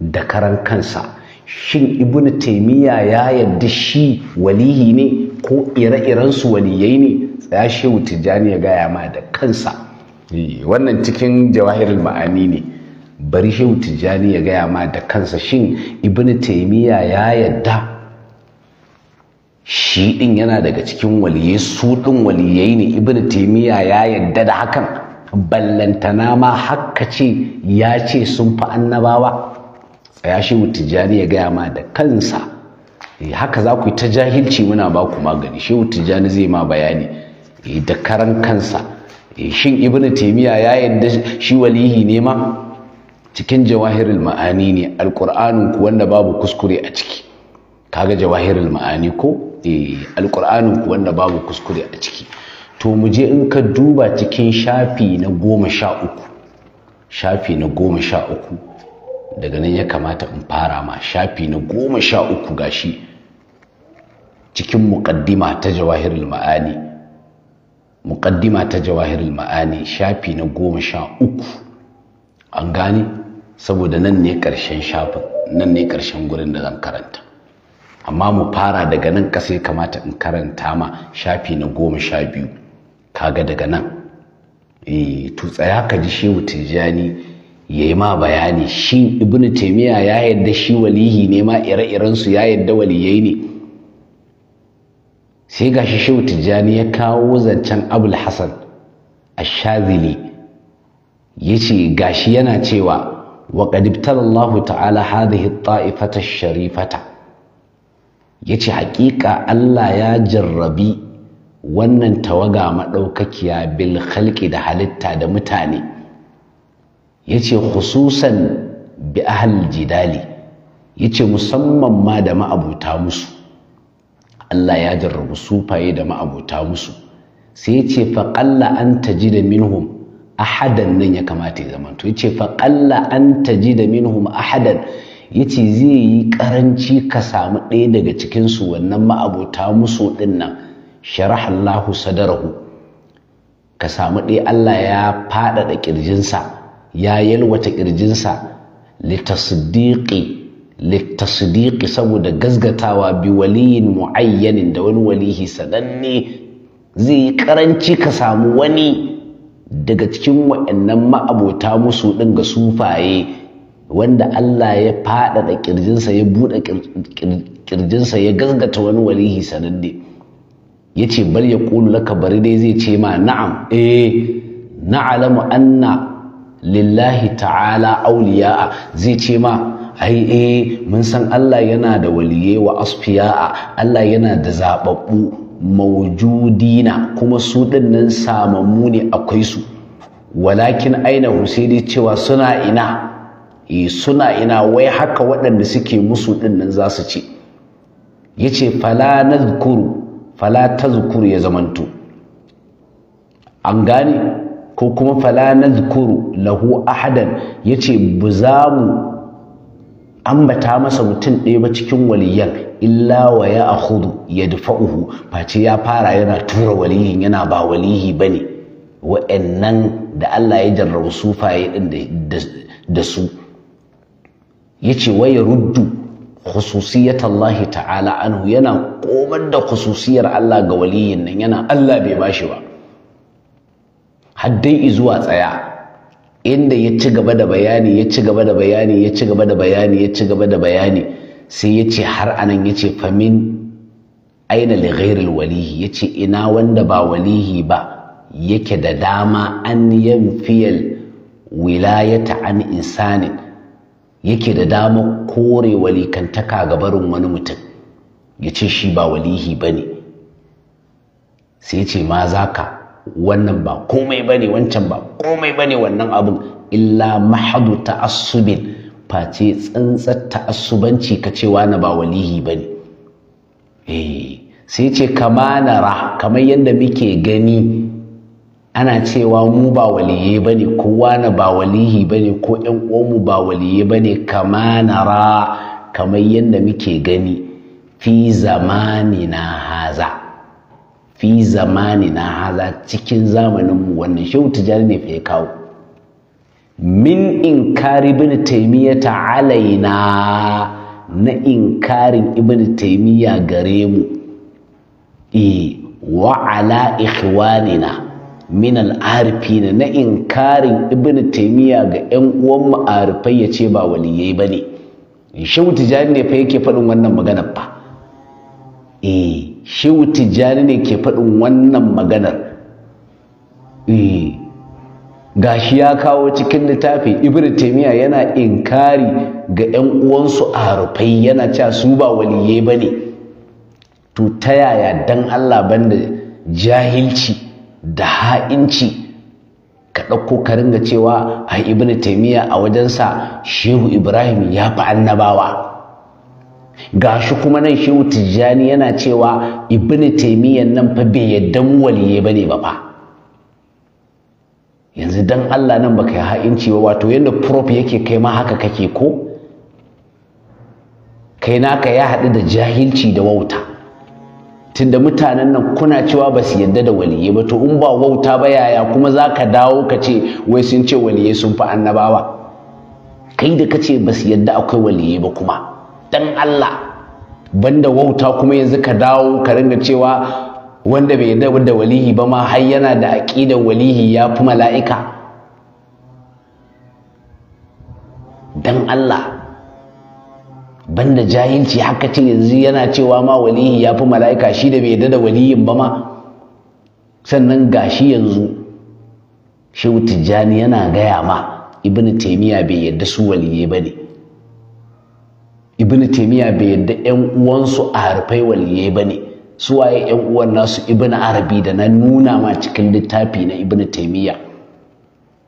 da karan kansa shin ibn taymiya ya yarda shi walihi ne ko ire-iren su waliyai ne tsaya shehu tijjani ya gaya ma da kansa eh, wannan cikin jawahirul ma'ani ne bari shehu tijjani ya gaya ma da kansa shin ibn taimiyya ya yadda shi ɗin yana daga cikin waliyai su ɗin waliyai ne ibn taimiyya ya yadda da hakan ballantana ma haka ce ya ce sun fi annabawa tsaya shehu tijjani ya gaya ma da kansa eh, haka za ku yi ta jahilci muna ba ku magani shehu tijjani zai ma bayani eh, da karan kansa eh, shin ibn taimiyya ya yadda shi walihi ne ma cikin jawahirul ma'ani ne alqur'anin ku wanda babu kuskure a ciki kaga jawahirul ma'ani ko eh alqur'anin ku wanda babu kuskure a ciki to mu je in ka duba cikin shafi na goma sha uku shafi na goma sha uku daga nan ya kamata in fara ma shafi na goma sha uku gashi cikin muƙaddima ta jawahirul ma'ani muƙaddima ta jawahirul ma'ani shafi na goma sha uku an gane saboda nan ne ƙarshen shafin nan ne ƙarshen gurin da zan karanta amma mu fara daga nan ka sai kamata in karanta ma shafi na goma sha biyu kaga daga nan e to tsaya ka ji shehu tijjani ya yi ma bayani shi ibnu taimiyya ya yadda shi walihi ne ma ire-irensu ya yadda waliyai ne sai ga shi shehu tijjani ya kawo zancen abul hassan Shazili, ya ce ga shi yana cewa وقد ابتلى الله تعالى هذه الطائفة الشريفة يتي حقيقة ألا يا جربي wannan tawaga maɗaukakiya bil khalqi da halitta da mutane yace khususan bi ahli jidali yace musamman ma da ma'abuta musu Allah ya jarrabu sufaye da ma'abuta musu sai yace fa qalla an tajida minhum ahadan nan ya kamata ya zama to yace fa qalla an da minhum ahadan yace zai yi karanci ka samu ɗaya daga cikin su wannan ma'abota musu din nan sharaha Allahu sadarahu ka samu ɗaya Allah ya faɗaɗa ƙirjinsa ya yalwata ƙirjinsa litasdiqi litasdiqi saboda gazgatawa bi waliyin mu'ayyanin da wani walihi sananne zai yi karanci ka samu wani daga cikin wa'annan ma'abota musu ɗin ga sufaye wanda Allah ya faɗaɗa ƙirjinsa ya buɗe ƙirjinsa ya gasgata wani walihi sananne ya ce bar ya ƙulu laka bari dai zai ce ma na'am eh na'alamu anna lillahi ta'ala auliya'a zai ce ma ai eh mun san Allah yana da waliye wa asfiya'a Allah yana da zaɓaɓɓu maujudina kuma su dinnan samammu ne akwai su walakin aina husaini cewa suna ina e suna ina wai haka waɗanda suke musu dinnan za su ce Ya ce fala na zukuru fala ta zukuru ya zamanto an gane ko kuma fala na zukuru lahu ahadan yace bu za mu An bata masa mutum ɗaya ba cikin waliyan illa wa ya hudu ya uhu, face ya fara yana tura walihin yana ba walihi bane wa'annan da Allah ya jarrabu faye din da su yace wa ya ruddu khususiyat Allah ta'ala anhu yana komar da khususiyar Allah ga waliyin nan yana Allah bai bashi ba haddai zuwa tsaya inda ya ci gaba da bayani ya ci gaba da bayani ya ci gaba da bayani ya ci gaba da bayani sai ya ce har anan ya ce famin aina li ghairil walihi ya ce ina wanda ba walihi ba yake da dama an yanfiyal wilayata an insani yake da dama kore walikantaka ga barin wani mutum ya ce shi ba walihi ba ne sai ce ma za ka wannan ba komai bane wancan ba komai bane wannan abun illa mahadu ta'assubin face tsantsar ta'assubanci ka cewa na ba walihi bane eh sai ce kama ra kamar yadda muke gani ana cewa mu ba waliye bane kowa na ba walihi bane ko yan mu ba waliye bane kama ra kamar yadda muke gani fi zamanina haza fi zamani na haza cikin zamaninmu wannan shehu tijjani ne fa ya kawo min inkari ibn taimiyya alaina na inkarin ibn taimiyya gare mu e wa ala ikhwanina min al'arifina na inkarin ibn taimiyya ga 'yan uwan mu arifai ya ce ba waliyai ba ne shehu tijjani ne fa yake faɗin wannan magana ba. eh shehu tijjani ne ke faɗin wannan maganar eh, shi ya kawo cikin littafi ibn taimiya yana inkari ga 'yan uwansu a rufai yana cewa su ba waliye ba ne to ta yaya dan allah banda jahilci da ha'inci ka ɗauko ka ringa cewa a ibn taimiya a wajensa shehu ibrahim ya fi annabawa ga shi kuma nan shehu tijjani yana cewa Ibn taimiyyar nan fa bai yadda mu waliye bane ba fa yanzu don Allah nan baka yi ha'inci ba wato yadda prof yake kai ma haka kake ko kai naka ya haɗu da jahilci da wauta tunda mutanen nan kuna cewa ba su yadda da waliye ba to in ba wauta ba yaya kuma za ka dawo ka ce wai sun ce waliye sun fi annabawa kai da ka ce ba su yadda akwai waliye ba kuma dan Allah banda wauta kuma yanzu ka dawo ka ringa cewa wanda bai yarda da walihi ba ma har yana da aqidar walihi ya fi mala'ika dan Allah banda jahilci haka ce yanzu yana cewa ma walihi ya fi mala'ika shi da bai yarda da walihin ba ma sannan gashi yanzu shehu tijjani yana gaya ma ibnu taymiya bai yarda su waliye ba ne ibn taimiyya bai yadda yan uwansu a harfai waliyai ba ne su waye yan uwan nasu ibn arabi da na nuna ma cikin littafi na ibn taimiyya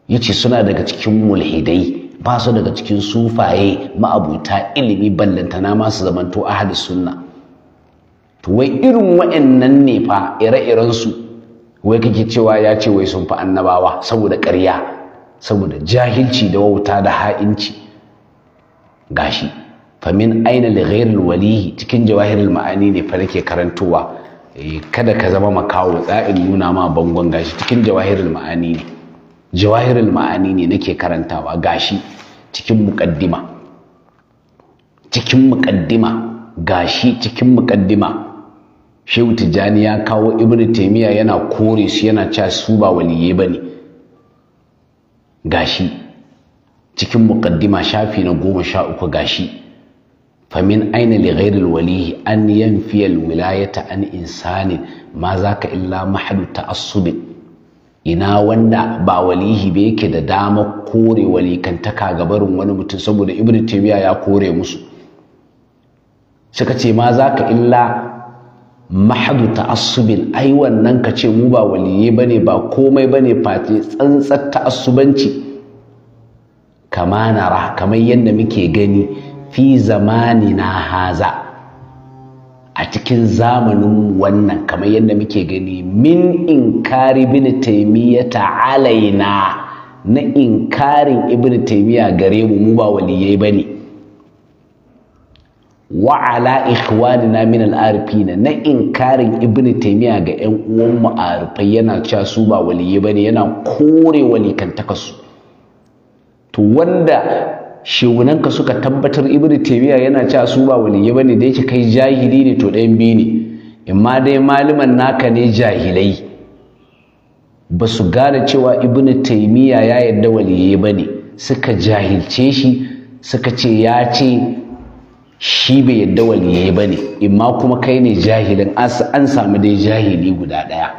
ya suna daga cikin mulhidai ba su daga cikin sufaye ma'abuta ilimi ballantana masu zamanto ahli sunna to wai irin wa'annan ne fa ire-irensu wai kake cewa ya ce wai sun fi annabawa saboda ƙarya saboda jahilci da wauta da ha'inci gashi famin aina da ghairil walihi cikin jawahirul ma'ani ne fa nake karantowa eh, kada ka zama makawo tsa'in nuna ma bangon gashi cikin jawahirul ma'ani ne jawahirul ma'ani ne nake karantawa gashi cikin muqaddima cikin muqaddima gashi cikin muqaddima Shehu Tijjani ya kawo Ibn taimiyya yana kore su yana cewa su ba ba bane gashi cikin muqaddima shafi na goma sha uku gashi famin aina li walihi an yanfiya wilayata an insanin ma ka illa mahadu ta'assubin ina wanda ba walihi ba yake da dama kore walikantaka ga barin wani mutum saboda ibn taymiya ya kore musu suka ce ma zaka illa mahadu ta'assubin ai wannan ka ce mu ba ba ne ba komai ne face tsantsar ta'assubanci kama nara kamar yadda muke gani fi zamani na haza a cikin zamanin wannan kamar yadda muke gani min inkari taimiyya ta alaina na inkarin ibn taimiyya gare mu mu ba waliyai ne. wa ala na min al'arfi na na inkarin ibn taimiyya ga yan uwan mu arfai yana cewa su ba waliyai bane yana kore walikantaka su to wanda shugunanka suka tabbatar ibnu taymiya yana cewa su ba waliyyi bane da yake kai jahili ne to ɗayan biyu ne imma dai malaman naka ne jahilai ba su gane cewa ibnu taymiya ya yarda waliyyi bane suka jahilce shi suka ce ya ce shi bai yarda waliyyi bane imma kuma kai ne jahilin an samu dai jahili guda ɗaya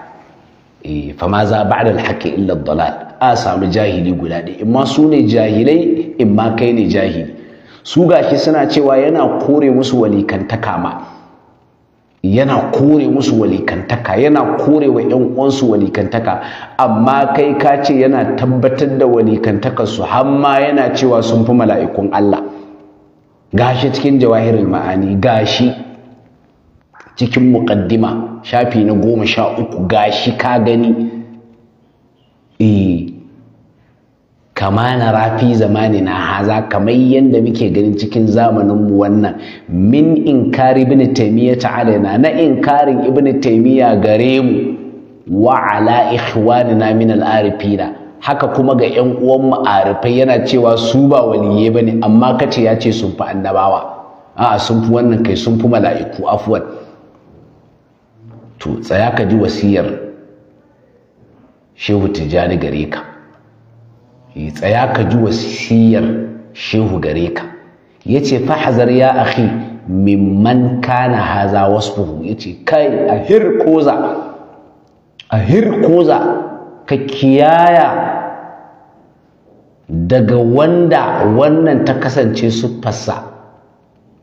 eh, fa ma za ba'da al-haqqi illa ad-dalal a samu jahili guda ɗaya imma su ne jahilai imma kai ne jahili su gashi suna cewa yana kore musu walikantaka ma yana kore musu walikantaka yana kore wa ‘yan uwansu walikantaka amma kai ka ce yana tabbatar da walikantakarsu har ma yana cewa sun fi mala'ikun Allah gashi cikin jawahirin ma'ani gashi cikin muƙaddima shafi na goma sha uku gashi ka gani eh kama na rafi zamani na haza kamar yadda muke ganin cikin zamaninmu wannan min inkari ibn taymiya alaina na inkarin ibn taymiya gare mu wa ala na min al-arifina haka kuma ga ƴan uwan mu arifai yana cewa su ba waliye bane amma kace ya ce sun fi annabawa a'a sun fi wannan kai sun fi mala'iku afwan to tsaya ka ji wasiyar shehu tijjani gare ka yi tsaya ka ji wasiyar shehu gare ka ya ce fahazar ya akhi mimman kana haza wasu ya ce kai a hirkoza a hirkoza ka kiyaya daga wanda wannan ta kasance su fasa?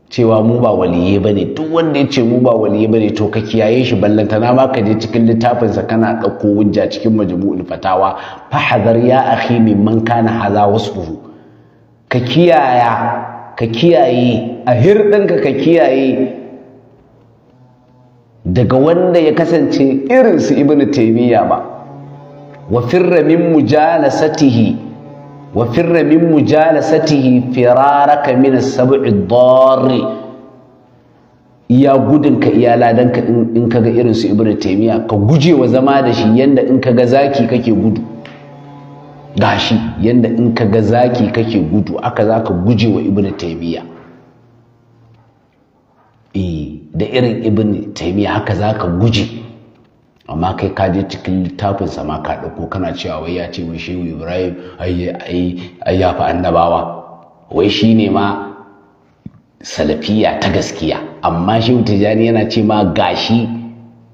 cewa mu ba waliye bane duk wanda ya ce mu ba waliye bane to ka kiyaye shi ballanta na ka je cikin littafin sa kana dauko hujja cikin majmu'ul fatawa Fa hadar ya akhi man kana hadha wasfuhu ka kiyaya ka kiyaye a hirɗinka ka kiyaye daga wanda ya kasance irin su ibnu taymiya ba wa firra min mujalasatihi wa من مجالسته فرارك من السبع الضار يا ad يا iya gudunka iya ladanka in kaga irin su ibnu taymiya ka guje wa zama da shi in kaga zaki kake gudu gashi yanda in kaga zaki kake gudu aka zaka guje wa ibnu taymiya eh da irin ibnu taymiya haka zaka guje amma kai ka je cikin littafin sa ma ka dauko kana cewa wai ya ce wai shehu ibrahim ai ya fa annabawa wai shi ne ma salafiya ta gaskiya amma shi tijjani yana ce ma gashi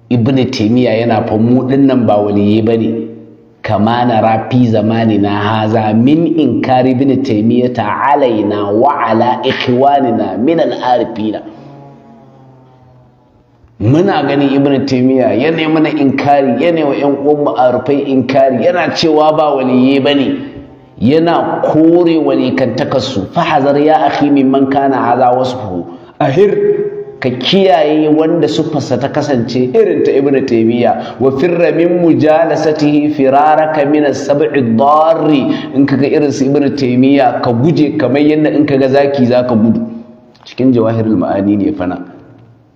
ibn yana fa mu nan ba wani ba ne kama na rafi zamani na haza min inkari ibn taimiya ta alaina wa ala ikhwanina min al-arifina muna gani ibn taymiya yana mana inkari yana wa yan uwan ma'arufai inkari yana cewa ba wani yi bane yana kore fa fahazar ya akhi man kana hadha wasfu ahir ka kiyaye wanda sufarsa ta kasance irin ta ibn taymiya wa firra min mujalasatihi firaraka min as-sab'i darri in kaga irin su ibn taymiya ka guje kamar yadda in kaga zaki zaka gudu cikin jawahirul ma'ani ne fana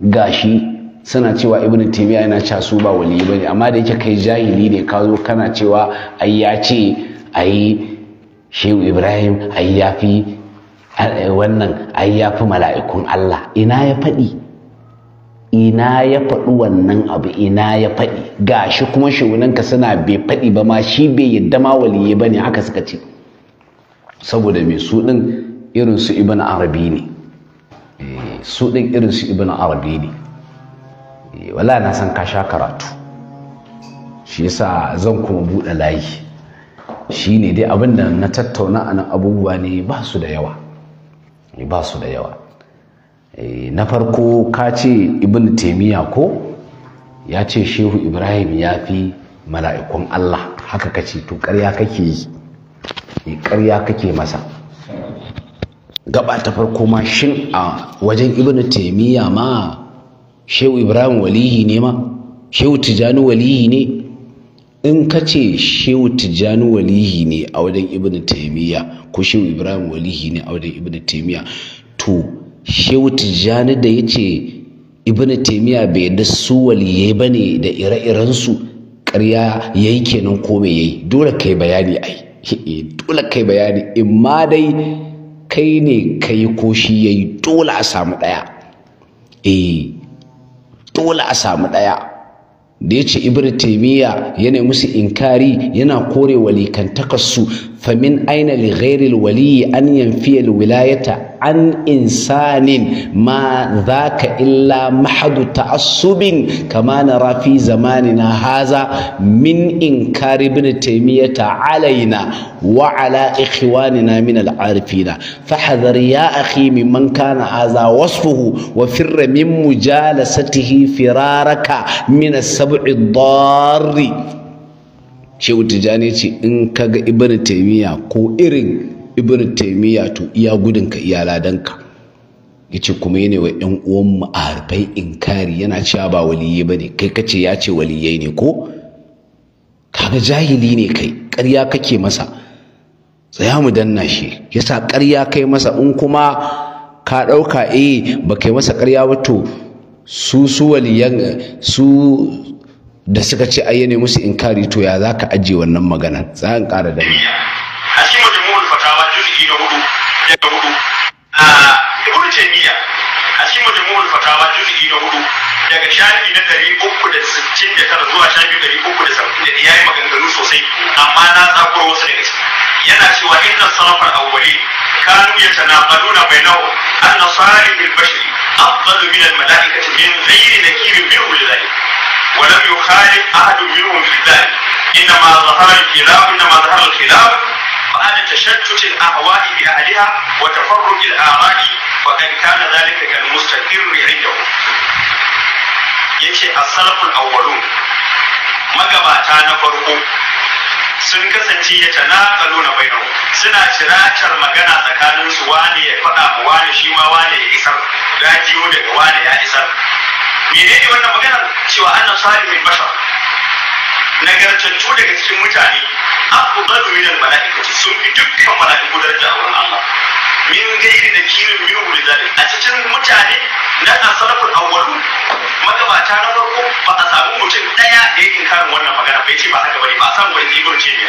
gashi Sana cewa ibn taymiya yana cewa su ba wali bane amma da yake kai jahili ne ka zo kana cewa ai ya ce ai shehu ibrahim ai ya fi eh, wannan ai ya fi mala'ikun allah ina ya faɗi ina ya faɗi wannan abu ina ya faɗi ga shi kuma shugunanka suna bai faɗi ba ma shi bai yadda ma wali ba ne haka suka ce saboda mai su ɗin su ɗin irinsu ibn arabi ne eh, Eh, wala na san ka sha karatu shi yasa zan kuma buɗe layi shi ne dai abin da na tattauna a nan abubuwa ne ba su da yawa eh, ba su da yawa eh, na farko ka ce ibn taimiyya ko ya ce shehu ibrahim ya fi mala'ikun allah haka ka ce to ƙarya kake yi ƙarya kake masa gaba ta farko ma shin a wajen ibn taimiyya ma shehu ibrahim walihi ne ma shehu tijjani walihi ne in ka ce shehu tijjani walihi ne a wajen ibn taimiyya ko shehu ibrahim walihi ne a wajen ibn taimiyya to shehu tijjani da ya ce ibn taimiyya bai da su waliyai ba ne da ire-irensu karya ya yi kenan ko mai ya yi dole kai bayani ai dole kai bayani in ma dai kai ne kai ko shi yayi dole a samu ɗaya eh dole a samu ɗaya da ya ce ibn taimiyya nemi musu inkari yana kore walikantakarsu famin aina li ghairil waliyi an yanfiya wilayata an insanin ma zaka illa mahadu ta'assubin kama rafi zamani na haza min inkari ibn taymiyata alaina wa ala ikhwanina min al na. ya akhi mimman kana haza wasfuhu wa firra min mujalasatihi firaraka min as-sab'i darri Shehu Tijjani ce in kaga Ibn Taymiya ko irin ibn taimiyya to iya gudunka iya ladanka ya ce kuma yana wa ‘yan uwan ma'arfai inkari yana cewa ba waliyyai ba ne kai kace ya ce waliyyai ne ko kaga jahili ne kai karya kake masa tsaya mu danna shi yasa karya kai masa in kuma ka ɗauka e ba kai masa karya ba to su su waliyan su da suka ce ayyane musu inkari to ya za ka ajiye wannan maganar tsayan ƙara danna ya hudu a ibnu taymiya a cikin majmu'ul fatawa juz'i na hudu daga shafi na ɗari uku da sittin da tara zuwa shafi ɗari uku da saba'in da ya yi maganganu sosai amma na tsakuro wasu daga ciki yana cewa inna salafar awwali kanu yatanaqaluna bainahum anna salih al-bashri afdalu min al-mala'ikati min ghayri nakiri minhu lidhalik ولم يخالف أحد منهم في ذلك إنما ظهر الخلاف إنما ظهر الخلاف بعد تشتت الاهواء باهلها وتفرق الاراء فقد كان ذلك كالمستقر عنده yace السلف الاولون ما magabata نفرقوا sun kasance ya tanakalu na bainahu suna ciratar magana tsakanin su wane ya faɗa ma wane shi ma wane ya isar rajiyo daga wane ya isar menene wannan magana cewa annan salihul bashar nagartattu daga cikin mutane abu ƙalu minal mala'ikati sun fi dukkan mala'iku daraja a auren Allah min gairi da kirin yi wuri zalik a cikin mutane na asarfin awwalu magabata na farko ba a samu mutum ɗaya da yake karin wannan magana bai ce ba haka bane ba a samu wani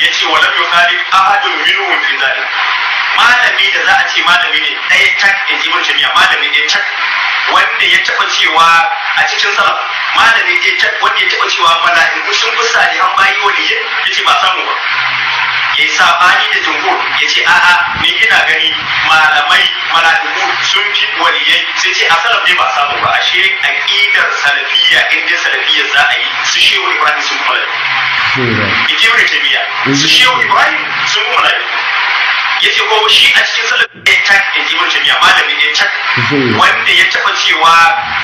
Ya ce "Wa walam yukhalif ahadun minhum fi zalik malami da za a ce malami ne ɗaya tak in ce biya malami ɗaya tak wanda ya taɓa cewa a cikin salaf malami wanda ya taɓa cewa mala'iku sun ne an bayi waliyyai yace ba samu ba ya yi sabani da jumhur ya ce a'a ni ina gani malamai malamu sun fi waliyai sai ce a salaf ne ba samu ba ashe aqidar salafiya in dai salafiya za a yi su shehu ibrahim sun kuma mala'iku wani jami'a su shehu ibrahim sun kuma mala'iku yake ko shi a cikin salaf ɗin tak in ji mutum ya malami tak wanda ya taɓa cewa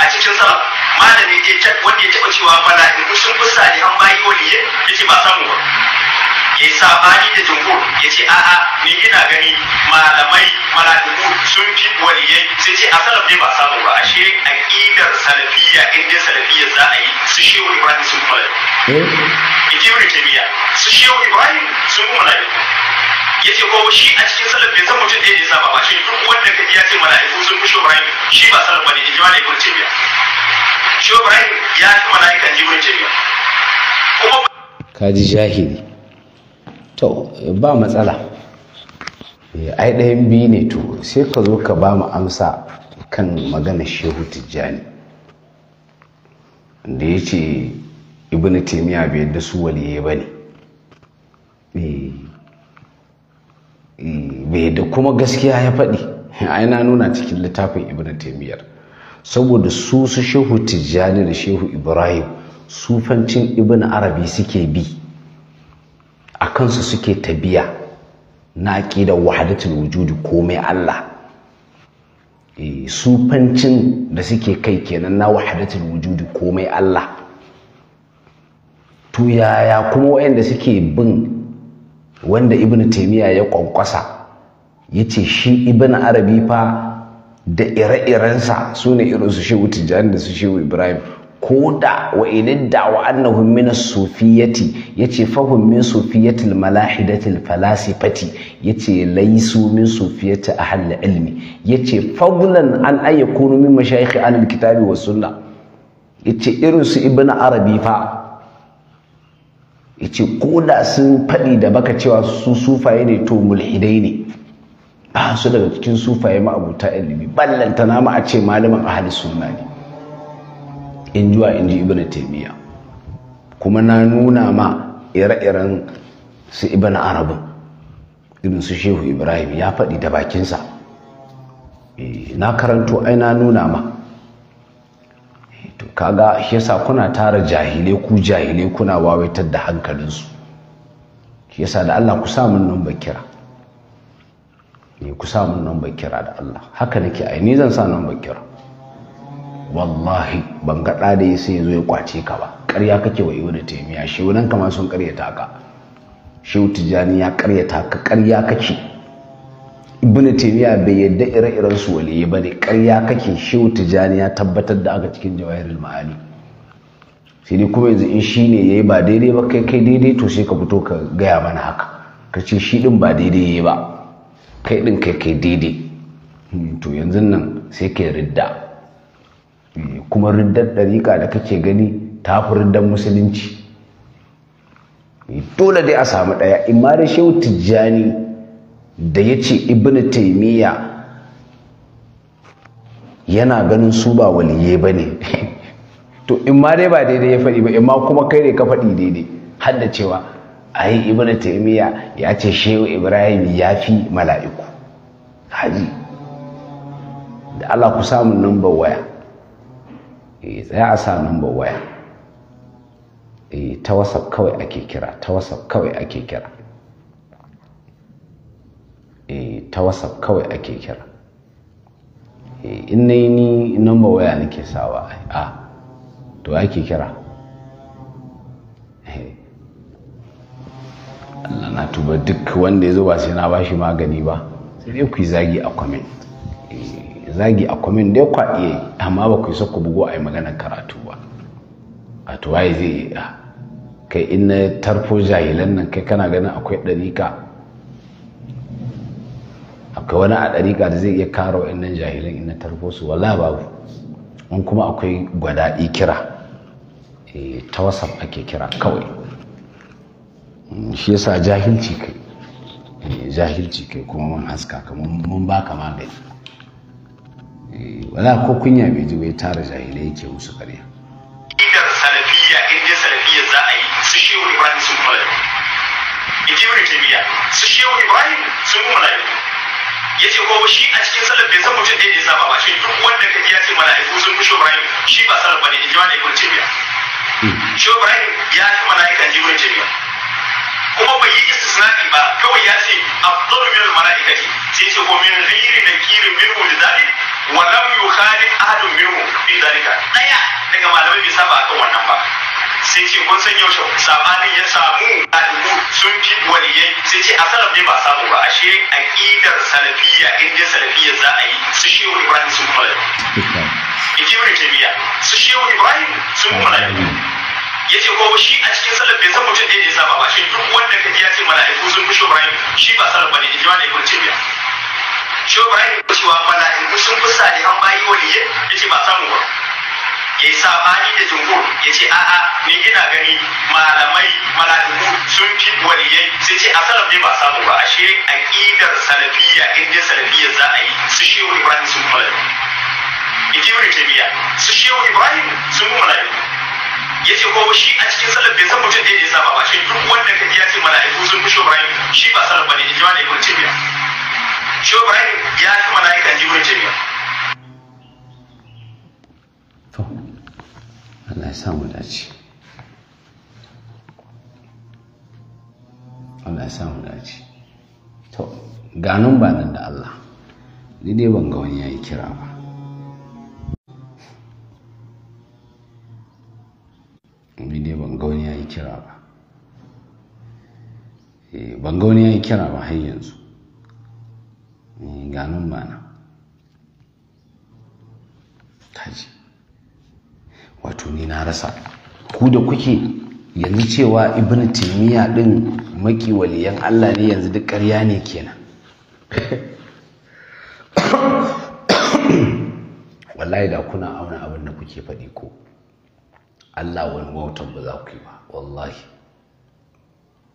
a cikin salaf malami ya tak wanda ya taɓa cewa mala'iku sun kusa ne an bayi waliye yace ba samu ba ya yi sabani da jumhur ya ce a'a ni ina gani malamai malatiku sun fi waliyai sai ce a salaf ne ba samu ba ashe a ƙidar salafiya inda salafiya za a yi su shehu ibrahim sun kuma hmm? ibn taymiya su shehu ibrahim sun kuma malatiku ya ce kowa shi a cikin salaf bai san mutum ɗaya ne saba ba shi duk wanda ka ya ce mala'iku sun fi shehu ibrahim shi ba salaf ba ne in ji ibrahim ibn shi ibrahim ya fi mala'ikan ibn taymiya kuma kaji shahidi to ba matsala eh, ai ɗayan biyu ne to sai ka zo ka ba mu amsa kan magana shehu tijjani da ya ce ibn taimiyya bai yadda su waliye ba ne eh, eh, bai yadda kuma gaskiya ya faɗi na nuna cikin littafin ibn taimiyyar saboda su su shehu tijjani da shehu ibrahim sufancin ibn arabi suke bi a kansu suke tabiya na da wahadatul wujudi mai Allah eh, sufancin da suke kai kenan na wahadatul wujudi mai Allah to yaya kuma wayanda suke bin wanda ibnu taimiyya ya kwankwasa ya ce shi ibnu arabi fa da ire-irensa su ne irin su shehu tijjani da su shehu ibrahim ko da wa da wa annahu min sufiyati yace fahum min sufiyyatil malahidatil falasifati yace laysu min sufiyyati ahli ilmi yace fadlan an ayyakunu min mashayikh ahlil kitabi was sunna yace irin su ibn arabi fa yace ko da sun fadi da baka cewa su sufaye ne to mulhidai ne ba su daga cikin sufaye ma abuta ilimi ballantana ma a ce malamin ahli sunna ne in jiwa in ji ibn taimiyya kuma na nuna ma ire-iren su ibn arabin irin su shehu ibrahim ya faɗi da bakinsa eh, na karanto ai na nuna ma eh, to kaga shi yasa kuna tara jahilai ku jahilai kuna wawaitar da hankalinsu shi yasa da Allah ku samun nan bakira ne eh, ku samun nan bakira da Allah haka nake ai ni zan sa nan bakira wallahi ban ga da ya sai zo ya kwace ka ba ƙarya kake wa ibnu taymiya shi wannan kama sun ƙaryata ka shi tijani ya ƙaryata ka ƙarya kake ibnu taymiya bai yadda ire-iren su waliyi ba ne ƙarya kake shi tijani ya tabbatar da aka cikin jawahirul ma'ani sai dai kuma yanzu in shi ne yayi ba daidai ba kai kai daidai to sai ka fito ka gaya mana haka ka ce shi din ba daidai yayi ba kai din kai kai daidai hmm, to yanzu nan sai yi ridda kuma riddar ɗariƙa da kake gani ta fi riddar musulunci dole dai a samu ɗaya imma shehu tijjani da ya ce ibn taimiyya yana ganin su ba waliye ba ne to imma dai ba daidai ya faɗi ba imma kuma kai ne ka faɗi daidai har da cewa ai ibn taimiyya ya ce shehu ibrahim ya fi mala'iku haji da allah ku samun nan waya eh sai a sa number waya eh ta whatsapp kawai ake kira ta whatsapp kawai ake kira eh ta whatsapp kawai ake kira eh in nayi ni number waya nake sawa a ah, to ake kira eh. Allah na tuba duk wanda ya zo ba sai na bashi magani ba sai dai ku yi zagi a comment zagi a kwamin dai kwa iya yi amma ba ku yi ku bugu a yi maganar karatu ba a waye zai yi a kai in na tarfo jahilan nan kai kana ganin akwai ɗarika akwai wani a ɗarika da zai iya kara wa'annan jahilan in na tarfo su wala babu in kuma akwai gwada kira eh, ta wasan ake kira kawai mm, shi yasa jahilci kai eh, jahilci kai kuma mun haska kuma mun baka magani Eh, wala ko kunya bai ji bai tara jahilai yake musu karya Idan salafiyya in je salafiyya za a yi su shehu ibrahim sun fara in ji wani tabiya su shehu ibrahim sun kuma mala'iku ya ce ko shi a cikin salaf bai san mutum ɗaya da saba ba shi duk wanda ka ji ya ce mala'iku sun fi shehu ibrahim shi ba salaf bane in ji wani ibn tabiya hmm. shehu ibrahim ya fi mala'ika ji wani tabiya kuma bai yi isa istisnafi ba kawai ya ce afdalu min al-mala'ikati sai ce ko min ghairi nakirin min wani zalim wa lam yukhali ahadun minhum fi dalika daya daga malamai bai saba akan wannan ba sai ce kun san yaushe sabanin ya samu alimu sun fi waliyai sai ce a salaf ne ba a samu ba a a ƙidar salafiyya in dai salafiyya za a yi su shehu ibrahim sun fara ibn taymiya su shehu ibrahim sun fara ya ce ko shi a cikin salaf bai san mutum ɗaya da ya saba ba shi duk wanda kaji ya ce mala'iku sun fi shi ibrahim shi ba salaf bane ijma da ibn taymiya shi ba ya cewa in sun kusa ne an bayi ya yace ba samu ba ya yi sabani da jumhur ya ce a'a ne ina gani malamai mala'iku sun fi waliyai sai ce a salafi ba samu ba ashe aqidar salafiyya in dai salafiya za a yi su wani ibrahim sun kuma mala'iku wani taymiya su wani ibrahim sun kuma mala'iku ya ce ko shi a cikin salaf bai san mutum da ya saba ba shi duk wanda ka iya ce mala'iku sun fi shi ibrahim shi ba salaf ne ijma da ibn taymiya shi Ibrahim ya fi mala'ika Jibril jami'a to Allah ya sa mu dace Allah ya sa mu dace to ganin ba nan da Allah ni dai ban ga wani ya yi kira ba ni dai ban ga wani ya yi kira ba eh, ban ga wani ya yi kira ba har yanzu ga nan wato ni na rasa ku da kuke yanzu cewa ibn timiya din maƙiwaliyan Allah ne yanzu duk karya ne kenan wallahi da kuna auna abin da kuke faɗi ko Allah wani wautan ba za ku yi ba wallahi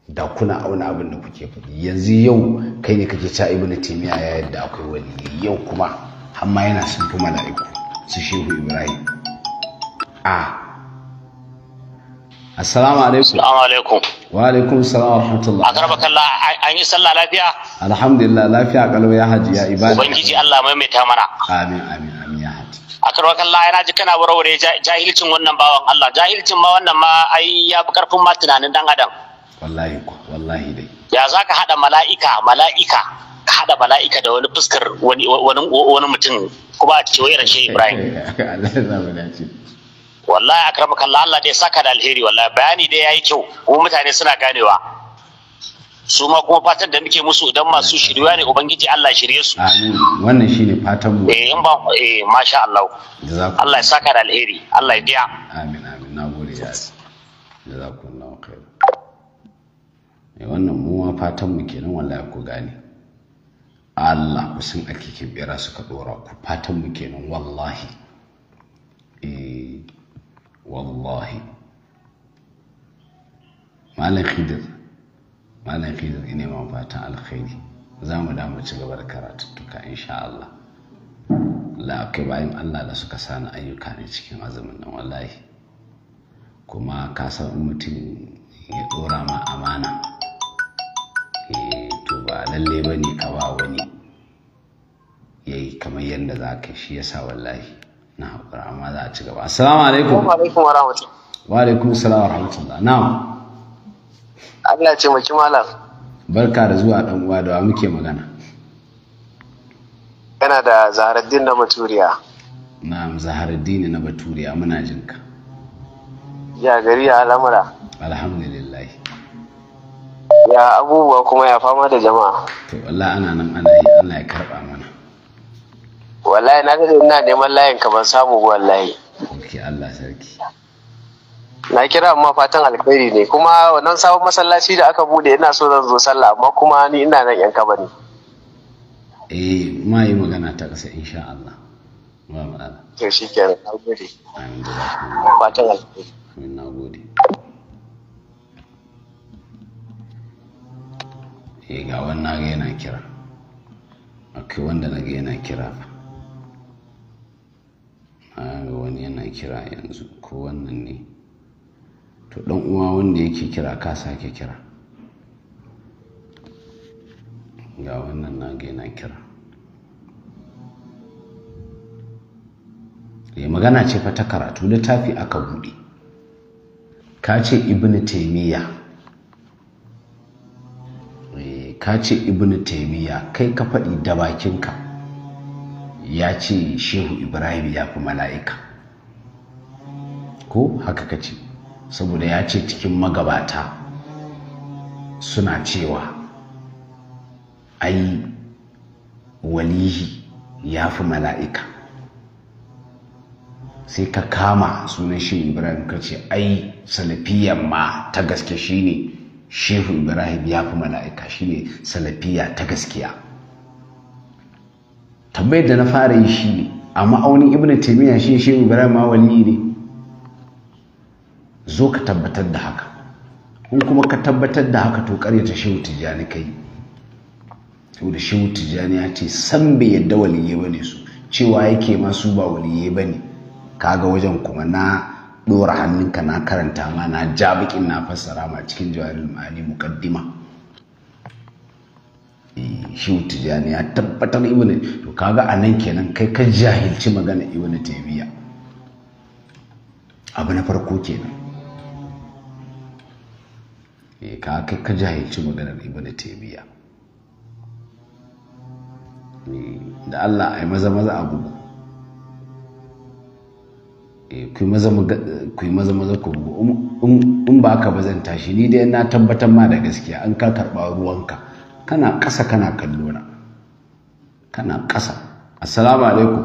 da kuna auna abin da kuke faɗi yanzu yau kai ne kake ta ibnu taymiya ya yadda akwai wani. yau kuma hamma yana sun fi mala'iku su shehu ibrahim a assalamu alaikum assalamu alaikum wa alaikum assalam wa rahmatullah akarba kalla an yi sallah lafiya alhamdulillah lafiya kalau ya haji ya ibada ubangiji Allah maimaita mana amin amin amin ya haji akarba kalla yana ji kana warware jahilcin wannan bawan Allah jahilcin ma wannan ma ai ya fi karfin ma tunanin dan adam wallahi wallahi dai ya za ka haɗa mala'ika mala'ika ka haɗa mala'ika da wani fuskar wani wani mutum kuma a cikin wayar shi Ibrahim wallahi akramu Allah Allah dai saka da alheri wallahi bayani dai yayi kyau kuma mutane suna ganewa su ma kuma fatan da muke musu idan masu shirya ne ubangiji Allah shirye su amin wannan shine fatan mu eh in ba eh masha Allah Allah ya saka da alheri Allah ya biya amin amin nagode ya jazakum wannan mu ma fatan mu kenan wallahi ku gane Allah ku san ake bera suka dora ku fatan mu kenan wallahi eh wallahi malam khidir malam khidir ina ma fatan alkhairi za mu damu ci gaba da karatuttuka insha Allah la akwai bayan Allah da suka sani ayyuka ne cikin azumin nan wallahi kuma ka san mutum ya dora ma amana Eh, to ba lalle ba ne ka ba wani ya yi kamar yadda za ka shi ya sa wallahi na haƙura amma za a ci gaba assalamu alaikum wa alaikum salam wa rahmatullah na'am Allah ce maki malam barka da zuwa dan uwa da muke magana yana da zaharaddin na baturiya na'am zaharaddin na baturiya muna jinka ya gari ya al'amura alhamdulillah ya abubuwa kuma ya fama da jama'a to wallahi ana nan ana yi Allah ya karba mana wallahi na ga ina neman layin ka ban samu wallahi okay Allah sarki na kira amma fatan alkhairi ne kuma wannan sabon masallaci da aka bude ina so zan zo sallah amma kuma ni ina nan yanka kaba ne eh ma yi magana ta kasa insha Allah ba ma'ana to shikenan alkhairi amin gode eh ga wannan ga yana kira akwai wanda na ga yana kira ga wani yana kira yanzu ko wannan ne to dan uwa wanda yake kira ka sake kira ga wannan na ga yana kira ya eh, magana ce fa ta karatu littafi aka buɗe ka ce ibn taimiyya ka ce ibnu taimiyya kai ka faɗi da bakinka ya ce shehu ibrahim ya fi mala'ika ko haka ka ce saboda ya ce cikin magabata suna cewa ai walihi ya fi mala'ika sai ka kama sunan Shehu ibrahim ka ce ai salafiyan ma ta gaske shine shehu ibrahim ya fi mala'ika Shi ne salafiya ta gaskiya tambayar da na fara yi shi ne a ma'aunin ibn taimiyya shi shehu ibrahim ma wali ne zo ka tabbatar da haka kun kuma ka tabbatar da haka to karyata shehu tijjani kai da shehu tijjani ya ce san bai yadda waliye ba ne su cewa yake masu ba waliye ba ne kaga wajen kuma na dora hannunka na karanta ma na ja bakin na fassara ma cikin jawarin ma'ani mukaddima eh, shi tijani ya tabbatar ibn to kaga a nan kenan kai ka jahilci magana ibn taymiya abu na farko kenan eh ka kai ka jahilci maganar ibn taymiya eh, da Allah ai maza maza abubu. ku yi maza maza ku in um, um, um ba ka ba zan tashi ni dai na tabbatar ma da gaskiya an ka karɓa ruwanka kana ƙasa kana kallo na kana ƙasa assalamu alaikum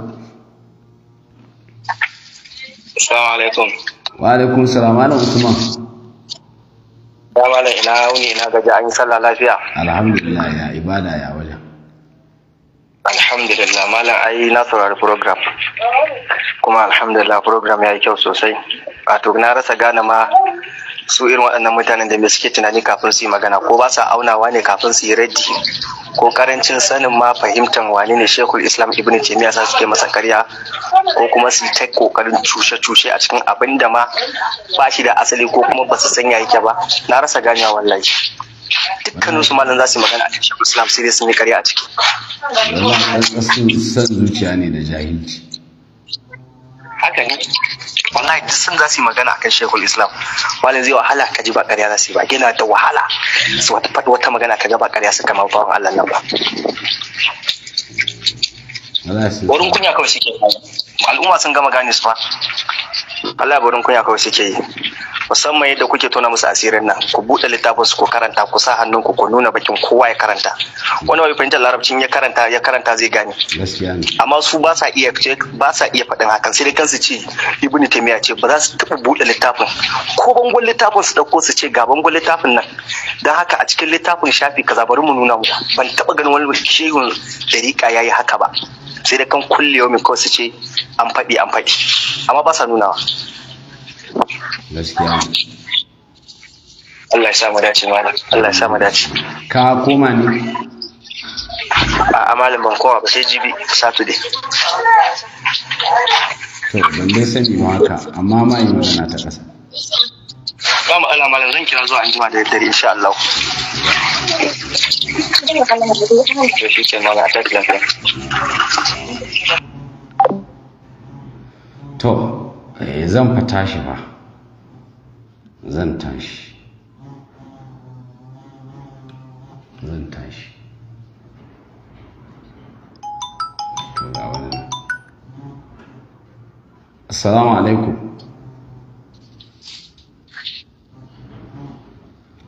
assalamu alaikum wa alaikum salam malam usman ya malam ina wuni ina gaji an yi sallah lafiya alhamdulillah ya ibada ya wajen alhamdulillah malam ai na saurari program kuma alhamdulillah program ya yi kyau sosai A to na rasa gane ma su irin waɗannan mutanen da suke tunani kafin su yi magana ko ba sa aunawa ne kafin su yi raddi ko karancin sanin ma fahimtar wani ne shekul islam ibn taimiyya sa suke masa karya ko kuma su ta kokarin cushe-cushe a cikin abin da ma ba shi da asali ko kuma ba su sanya yake ba na rasa ganewa wallahi dukkanin su malam za su yi magana a cikin islam sai dai sun yi ƙarya a ciki wannan san zuciya ne da jahilci haka ne wallahi duk sun za su yi magana akan shekul islam malam zai wahala ka ji ba ƙarya za su yi ba yana da wahala su wata faɗi wata magana ka ga ba ƙarya su kama bawan allah nan ba wurin kunya kawai ke al'umma sun gama gane su fa Allah barin kunya kawai suke yi musamman yadda kuke tona musu asirin nan ku buɗe littafin su ku karanta ku sa hannun ku ku nuna bakin kowa ya karanta wani wani fahimtar larabcin ya karanta ya karanta zai gane amma su ba sa iya ba sa iya faɗin hakan sai dai kansu ce ibnu taymiya ce ba za su taɓa buɗe littafin ko bangon littafin su dauko su ce ga bangon littafin nan dan haka a cikin littafin shafi kaza bari mu nuna muku ban taɓa ganin wani shehun dariƙa yayi haka ba sai da kan kulle yau min kawai su ce an faɗi an faɗi amma ba sa nunawa Allah ya sa mu dace malam Allah ya sa mu dace ka koma ne a malam ban koma ba sai jibi saturday to ban dai sani haka amma ma yi magana ta kasa ba mu ala malam zan kira zuwa anjima da daddare insha Allah to shi lafiya eh, zan fa tashi ba zan tashi zan tashi to assalamu alaikum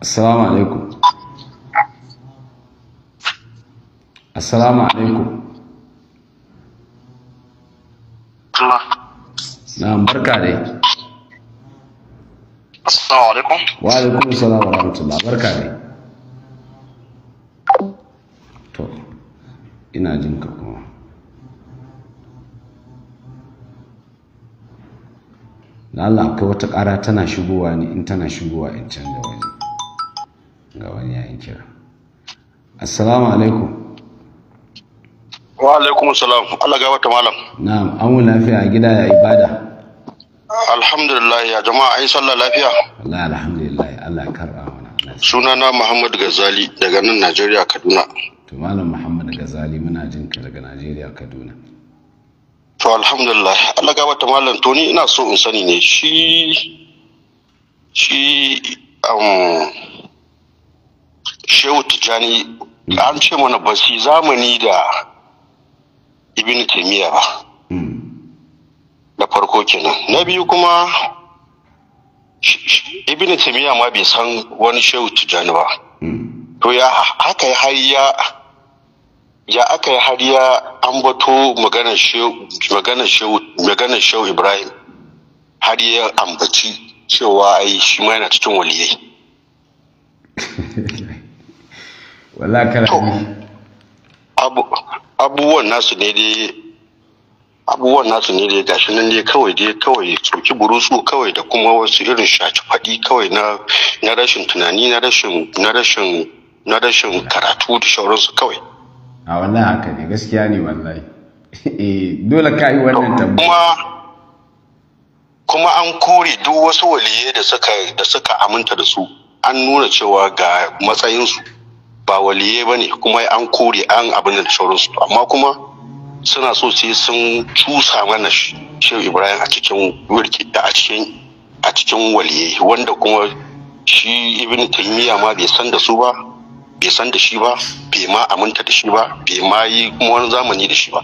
assalamu alaikum assalamu alaikum na barka dai assalamu alaikum wa alaikum assalamu wa rahmatullah barka dai to ina jin ka kuma na Allah akwai wata ƙara tana shigowa ne in tana shigowa in canza waje ga wani yayin kira assalamu alaikum wa alaikum salam Allah ga wata malam na'am an mu lafiya a gida ya ibada alhamdulillah ya jama'a ai sallah lafiya wallahi alhamdulillah Allah karba mana sunana Muhammad Gazali daga nan Najeriya Kaduna to malam Muhammad Gazali muna jin ka daga Najeriya Kaduna to alhamdulillah Allah ga wata malam to ni ina so in sani ne shi shi um, shehu tijjani an ce mana ba su zamani da ibn taimiyya ba hmm. da farko kenan na biyu kuma ibn taimiyya ma bai san wani shehu tijjani ba hmm. to ya haka ya har ya ya aka yi har ya ambato maganar shehu ibrahim har ya ambaci cewa ai shi ma yana cikin waliyai abubuwan nasu ne dai abubuwan nasu ne dai gashi nan ne kawai dai kawai tsoki burusu kawai da kuma wasu irin shaci faɗi kawai na na rashin tunani na rashin na rashin na rashin karatu da shauransu kawai a wannan haka ne gaskiya ne wallahi eh dole ka yi wannan tambaya kuma an kore duk wasu waliyai da suka da suka aminta da su an nuna cewa ga matsayinsu ba waliye ba ne kuma an kore an abin da sauransu amma kuma suna so sai sun cusa mana shehu ibrahim a cikin wirki da a cikin waliye wanda kuma shi ibn taymiya ma bai san da su ba bai san da shi ba bai ma aminta da shi ba bai ma yi kuma wani zamani da shi ba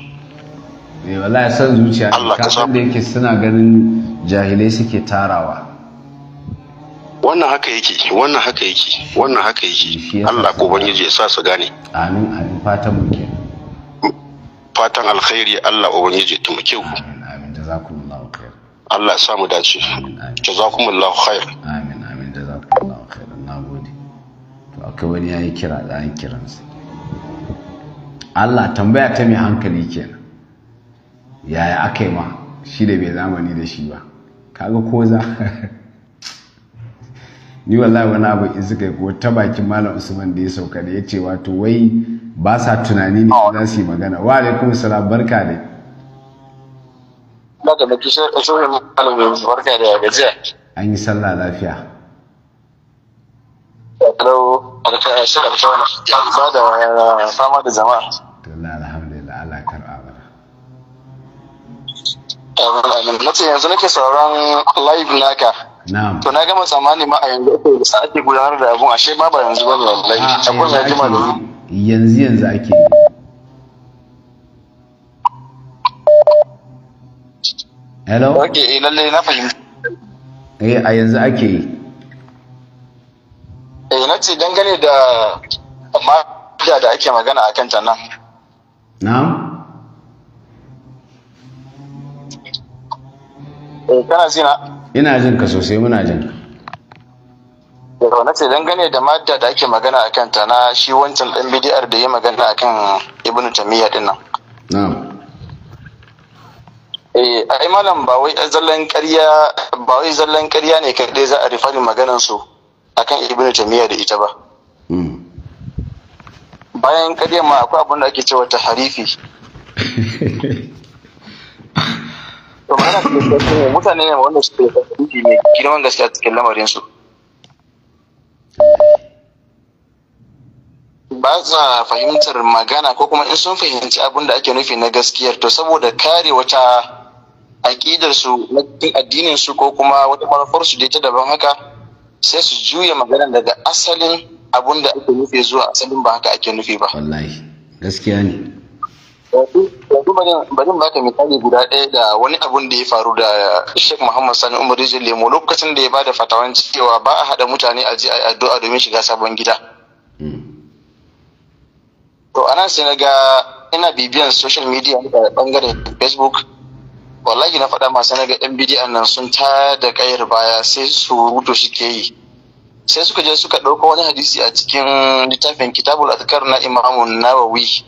eh, Allah ya san zuciya Allah da yake suna ganin jahilai suke tarawa wannan haka yake wannan haka yake wannan haka yake Allah ko ban ya sa su gane amin amin fatan mu ke fatan alkhairi Allah ko ban ya tumake ku amin amin jazakumullahu khair Allah ya mu dace jazakumullahu khair amin amin jazakumullahu khair nagode to akwai wani yayi kira da an sa Allah tambaya ta mai hankali kenan yaya aka yi ma shi da bai zamani da shi ba kaga ko za ni wallahi wani abu in suka yi ko ta bakin malam usman da ya sauka da ya ce wato wai ba sa tunani ne za su yi magana wa alaikum salam barka dai barka da kishiyar kashiyar malam yanzu barka da gajiya an yi sallah lafiya hello alfa shi alfa ba da fama da jama'a to la alhamdulillah Allah karba mana na ce yanzu nake sauran live naka to na gama tsammani ma a yanzu ake sa ake gudanar da abun ashe ma ba yanzu ba wallahi ah, akwai mai jima da yanzu yanzu ake hello ok eh lalle na fahimta eh a yanzu ake yi eh na ce dangane da mafiya da ake magana a kanta nan na'am eh, kana zina ina jin ka sosai muna jin ka yau na ce dangane da madda da ake magana a kanta na shi wancan ɗan bidiyar da ya magana a kan ibn tamiya din nan eh ai malam ba wai zallan ƙarya ba wai zallan ƙarya ne kaɗai za a rifarin maganan su akan ibn tamiya da ita ba hmm. bayan ƙarya ma akwai abin da ake cewa ta harifi to ma'ana filifin ne mutane ne wanda suke da tarihi ne girman gaskiya cikin lamarinsu ba sa fahimtar magana ko kuma in sun fahimci abin da ake nufi na gaskiyar to saboda kare wata aƙidar su na addinin su ko kuma wata manufar su ta daban haka sai su juya magana daga asalin abin da ake nufi zuwa asalin ba haka ake nufi ba wallahi gaskiya ne yanzu bari mu baka misali guda ɗaya da wani abun da ya faru da Sheikh Muhammad Sani Umar Rijal Lemo lokacin da ya bada fatawan cewa ba a haɗa mutane a ji a addu'a domin shiga sabon gida. Hmm. To anan sai na ga ina bibiyan social media da bangaren Facebook wallahi na faɗa ma sai na ga yan bidiyan nan sun ta da ƙayar baya sai su shi suke yi sai suka je suka ɗauko wani hadisi a cikin littafin kitabul azkar na imamun nawawi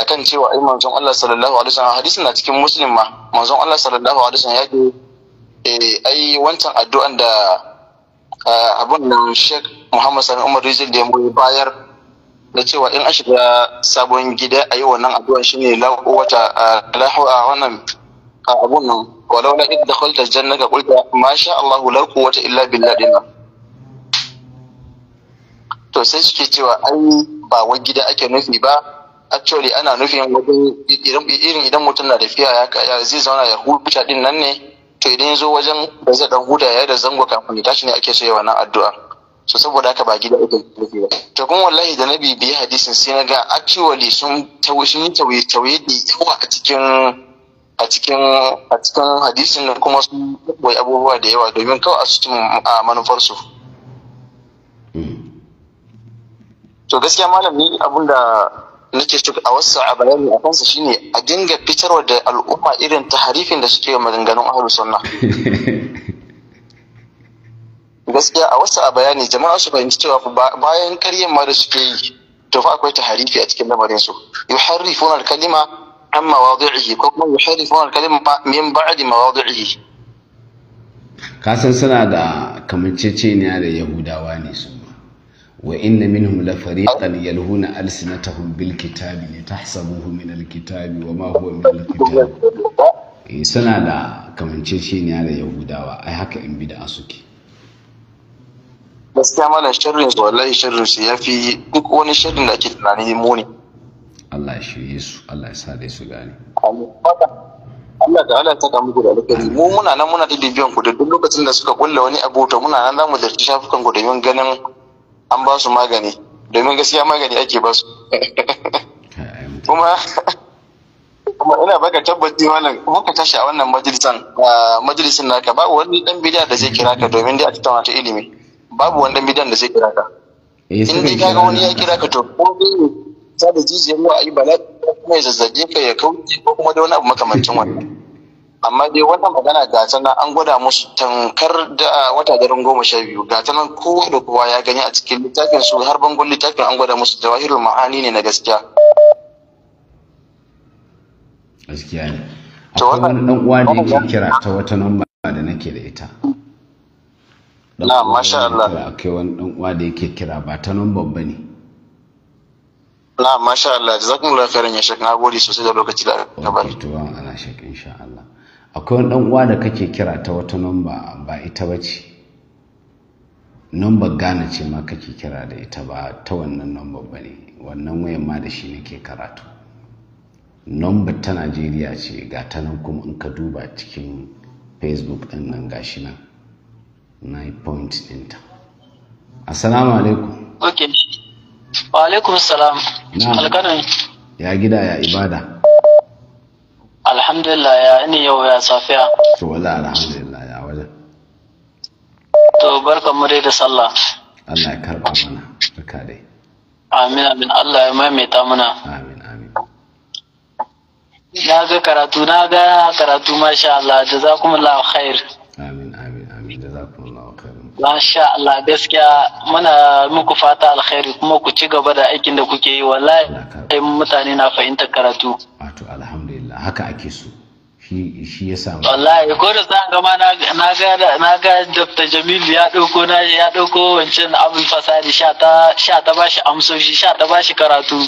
akan cewa ai manzon Allah sallallahu alaihi wasallam hadisin na cikin muslim ma manzon Allah sallallahu alaihi wasallam ya ce eh ai wancan addu'an da ah, abun nan Sheikh Muhammad Sani Umar Rizal da ya bayar da cewa in an shiga sabon gida a yi wannan addu'a shine la wata ah, la a wannan ah, abun nan walau la idda khalta jannaka qulta ma sha Allah la quwwata illa billah din to sai suke cewa ai ba wai gida ake nufi ba actually ana nufin wajen irin idan mutum na tafiya ya zai zauna ya huta din nan ne to idan ya zo wajen da zai dan huta ya da zango kafin ya tashi ne ake so ya na addu'a so saboda haka ba gida ake nufi ba to kun wallahi da na bibiye hadisin sai na ga actually sun tawaye tawaye tawaye da yawa a cikin a cikin a cikin hadisin kuma sun wai abubuwa da yawa domin kawai a cikin manufarsu hmm. to gaskiya malam ni abinda nake so a wasu a bayani a kansa shine a dinga fitarwa da al'umma irin ta harifin da suke maganganun ahlus sunna gaskiya a wasu a bayani jama'a su fahimci cewa bayan karyan ma da suke yi to fa akwai ta a cikin lamarin su yuharrifuna al-kalima an mawadi'ihi ko kuma yuharrifuna al-kalima min ba'di mawadi'ihi kasan suna da kamanceceniya da yahudawa ne su wa inna minhum la fariqan yalhuna alsinatahum bil kitabi litahsabuhu min al kitabi wa ma huwa min al kitabi eh suna da kamanceceniya da yahudawa ai haka in bid'a sharrin su sharrin su duk wani sharrin da ake Allah da Allah ta da alƙari mu muna nan muna da bibiyan ku da duk lokacin da suka kulle wani abu to muna nan zamu da shafukan ku yin ganin an ba su magani domin gaskiya magani ake ba su kuma kuma ina baka tabbaci wannan ka tashi a wannan majalisan majalisin naka babu wani dan bidiya da zai kira ka domin dai a cikin wata ilimi babu wani dan bidiyan da zai kira ka eh, in dai kaga wani ya kira ka to ko dai sa da jijiyar ruwa a yi bala kuma ya zazzage ka ya kauce ko kuma da wani abu makamancin wannan amma dai wannan magana ga ta nan an gwada musu tankar da ah, wata daren goma sha biyu ga ta nan kowa da kowa ya gani a cikin littafin su har bangon littafin an gwada musu jawahirul ma'ani ne na gaskiya gaskiya ne akwai wani dan uwa ne ya kira ta wata namba da nake da ita na masha Allah akwai wani dan uwa da yake kira ba ta namba bane na masha Allah jazakumullahu khairan ya shek na gode sosai da lokaci da ka bari to Allah akwai wani ɗan uwa da kake kira ta wata namba ba ita ba ce nambar gane ce ma kake kira da ita ba ta wannan nambar ba ne wannan wayan ma da shi nake karatu nambar ta najeriya ce ga ta nan kuma in ka duba cikin facebook ɗin nan gashi nan na yi point ɗinta assalamu alaikum ok wa alaikum salam alkanan ya gida ya ibada alhamdulillah ya ini yau ya safiya to wallahi alhamdulillah ya wajen to barka mu da sallah Allah ya karba mana barka dai amin amin Allah ya maimaita mana amin amin na ga karatu na ga karatu masha Allah jazakumullah khair amin amin amin jazakumullah khair masha Allah gaskiya muna muku fata alkhairi kuma ku ci gaba da aikin da kuke yi wallahi mutane na fahimtar karatu wato haka ake so shi ya samu wallahi ko da zan gama na ga na ga Dr. Jamil ya dauko na ya dauko wancan abin fasadi sha ta sha ta bashi amsoshi sha ta bashi karatu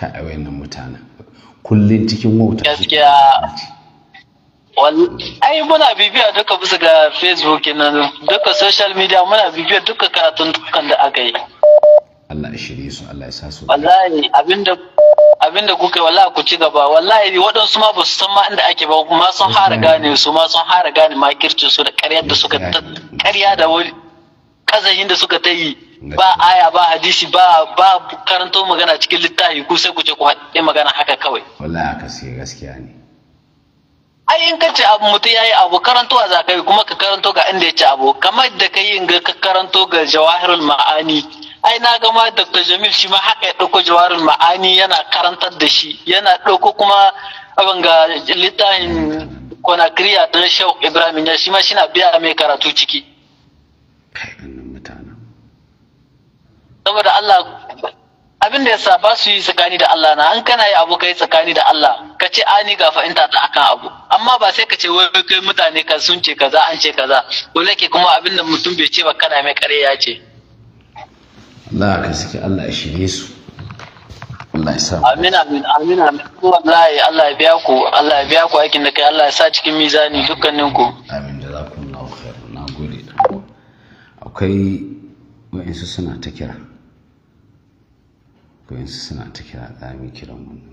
ka a wayannan mutanen kullun cikin wauta gaskiya ai muna bibiya duka bisa ga Facebook nan duka social media muna bibiya duka karatun da aka yi Allah ya shirye su Allah ya sa su wallahi abinda abinda kuka wallahi ku ci gaba wallahi waɗansu ma ba su san ma inda ake ba kuma sun hara gane su ma sun hara gane makircin su da ƙarya da suka ƙarya da wani kazahin da suka ta yi ba aya ba hadisi ba ba karanto magana cikin littafi ku sai ku ce ku haɗe magana haka kawai wallahi haka sai gaskiya ne ai in ka ce abu mutum yi abu karantowa za ka yi kuma ka karanto ga inda ya ci abu kamar da ka yi in ga ka karanto ga jawahirul ma'ani ai na gama dr jamil shi ma haka ya ɗauko jawarin ma'ani yana karantar da shi yana ɗauko kuma abin ga littafin konakriya ta shau ibrahim ya shi ma shi na biya mai karatu ciki saboda allah abin da yasa ba su yi tsakani da Allah na an kana yi abu kai tsakani da Allah ka ce ani ga fahimta ta akan abu amma ba sai ka ce wai kai mutane ka sun ce kaza an ce kaza ko ke kuma abin da mutum bai ce ba kana mai kare ya ce Allah ka saki Allah ya shirye su Allah ya sa amin amin amin amin wallahi Allah ya biya ku Allah ya biya ku aikin da kai Allah ya sa cikin mizani dukkanin ku amin da zaku na khair na gode akwai wa'insu suna ta kira wa'insu suna ta kira za mu kiran wannan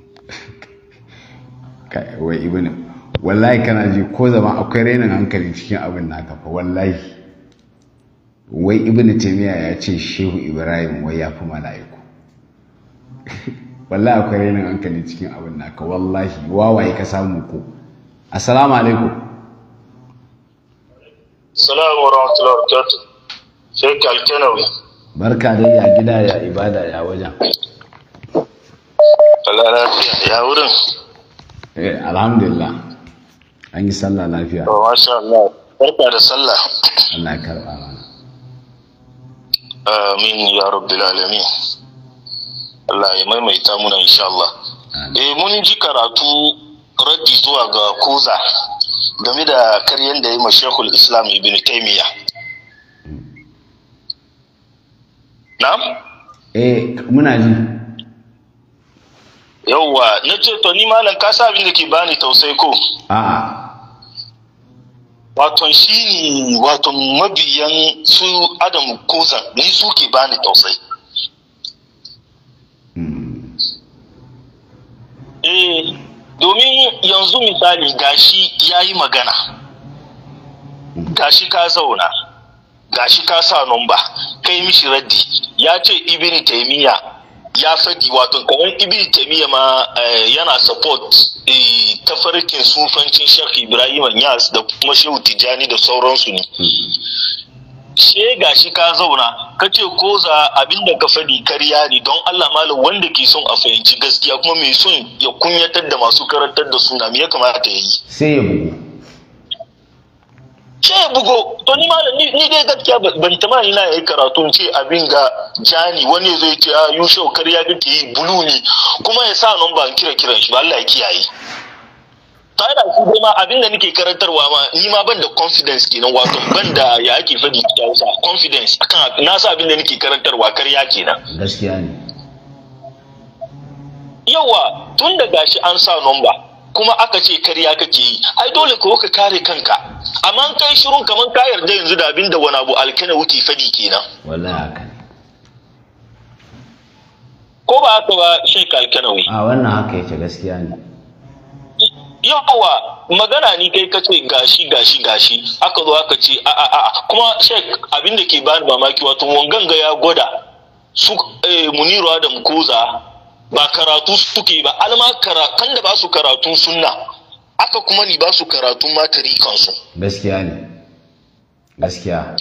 wai ibn wallahi kana ji ko zama akwai rainin hankali cikin abin naka fa wallahi wai ibn taimiyya ya ce shehu ibrahim wai ya fi mala'iku wallahi akwai rainin hankali cikin abin naka wallahi wawaye ka samu ko assalamu alaikum assalamu warahmatullahi wabarakatuh sai kalkanawi barka da ya gida ya ibada ya wajen Allah lafiya ya wurin eh alhamdulillah an yi sallah lafiya to masha Allah barka da sallah Allah ya karɓa mana amin ya rabbil alamin Allah ya maimaita muna insha Allah eh mun ji karatu raddi zuwa ga koza game da karyan da ya ma shekul Islam Ibn taimiyya. na'am eh muna ji yawwa ce to ni malam ka sa abin da ke bani tausayi ko a'a Waton shi waton mabiyan su Adam Koza ni suke bani tausayi. Hmm. Eh, domin yanzu misali gashi ya yi magana, hmm. gashi ka zauna, gashi ka sa numba, kai mishi raddi, ya ce ibini taimiyya ya fadi wato kamar ibi jami'a ma eh, yana support eh, tafarkin sufancin shek ibrahim yas da kuma shehu tijani da sauransu ne she ga shi ka zauna ka ce ko za abinda ka fadi karya ne don Allah malam wanda ke son a fahimci gaskiya kuma mai son ya kunyatar da masu karantar da suna me ya kamata ya yi sai sai bugo to ni malam ni dai gaskiya ban tamani na yi karatu ce abin ga jani wani zai ce a ah, yusho karya kake yi bulu ne kuma ya sa nan ban kira kiran shi ba Allah ya kiyaye ta da su dai ma abin da nake karantarwa ma ni ma ban da confidence kenan wato ban da ya ake fadi ta wasa confidence akan na sa abin da nake karantarwa karya kenan gaskiya ne yawa tun da gashi an sa number kuma aka ce karya kake yi ai dole ko ka kare kanka amma kai shirun kaman ka yarda yanzu da abin da wani abu alkana wuce fadi kenan wallahi haka ko ba haka ba shek alkanawi a wannan haka yake gaskiya ne yawa magana ni kai ka ce gashi gashi gashi aka zo aka ce a a a kuma shek abin da ke bani mamaki wato wangan ga ya gwada su eh, muniru adam koza ba karatu suke ba alma karakan da ba su karatun sunna aka kuma ni ba su karatun ma tarikansu gaskiya ne gaskiya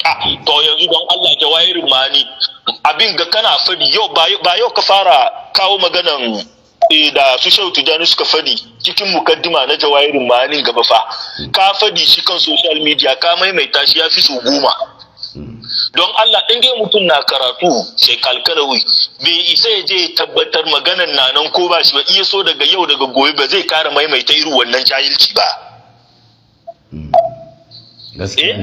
to yanzu don Allah jawahir mani abin ga kana fadi yau ba yau ka fara kawo maganan eh, da su shautu suka fadi cikin mukaddima na jawairin mani gaba fa ka fadi shi kan social media ka maimaita shi ya fi su goma don Allah in dai mutum na karatu sai kalkalawi bai isa ya je tabbatar maganar na nan ko ba shi ba iya so daga yau daga gobe ba zai kara maimaita irin wannan jahilci ba eh?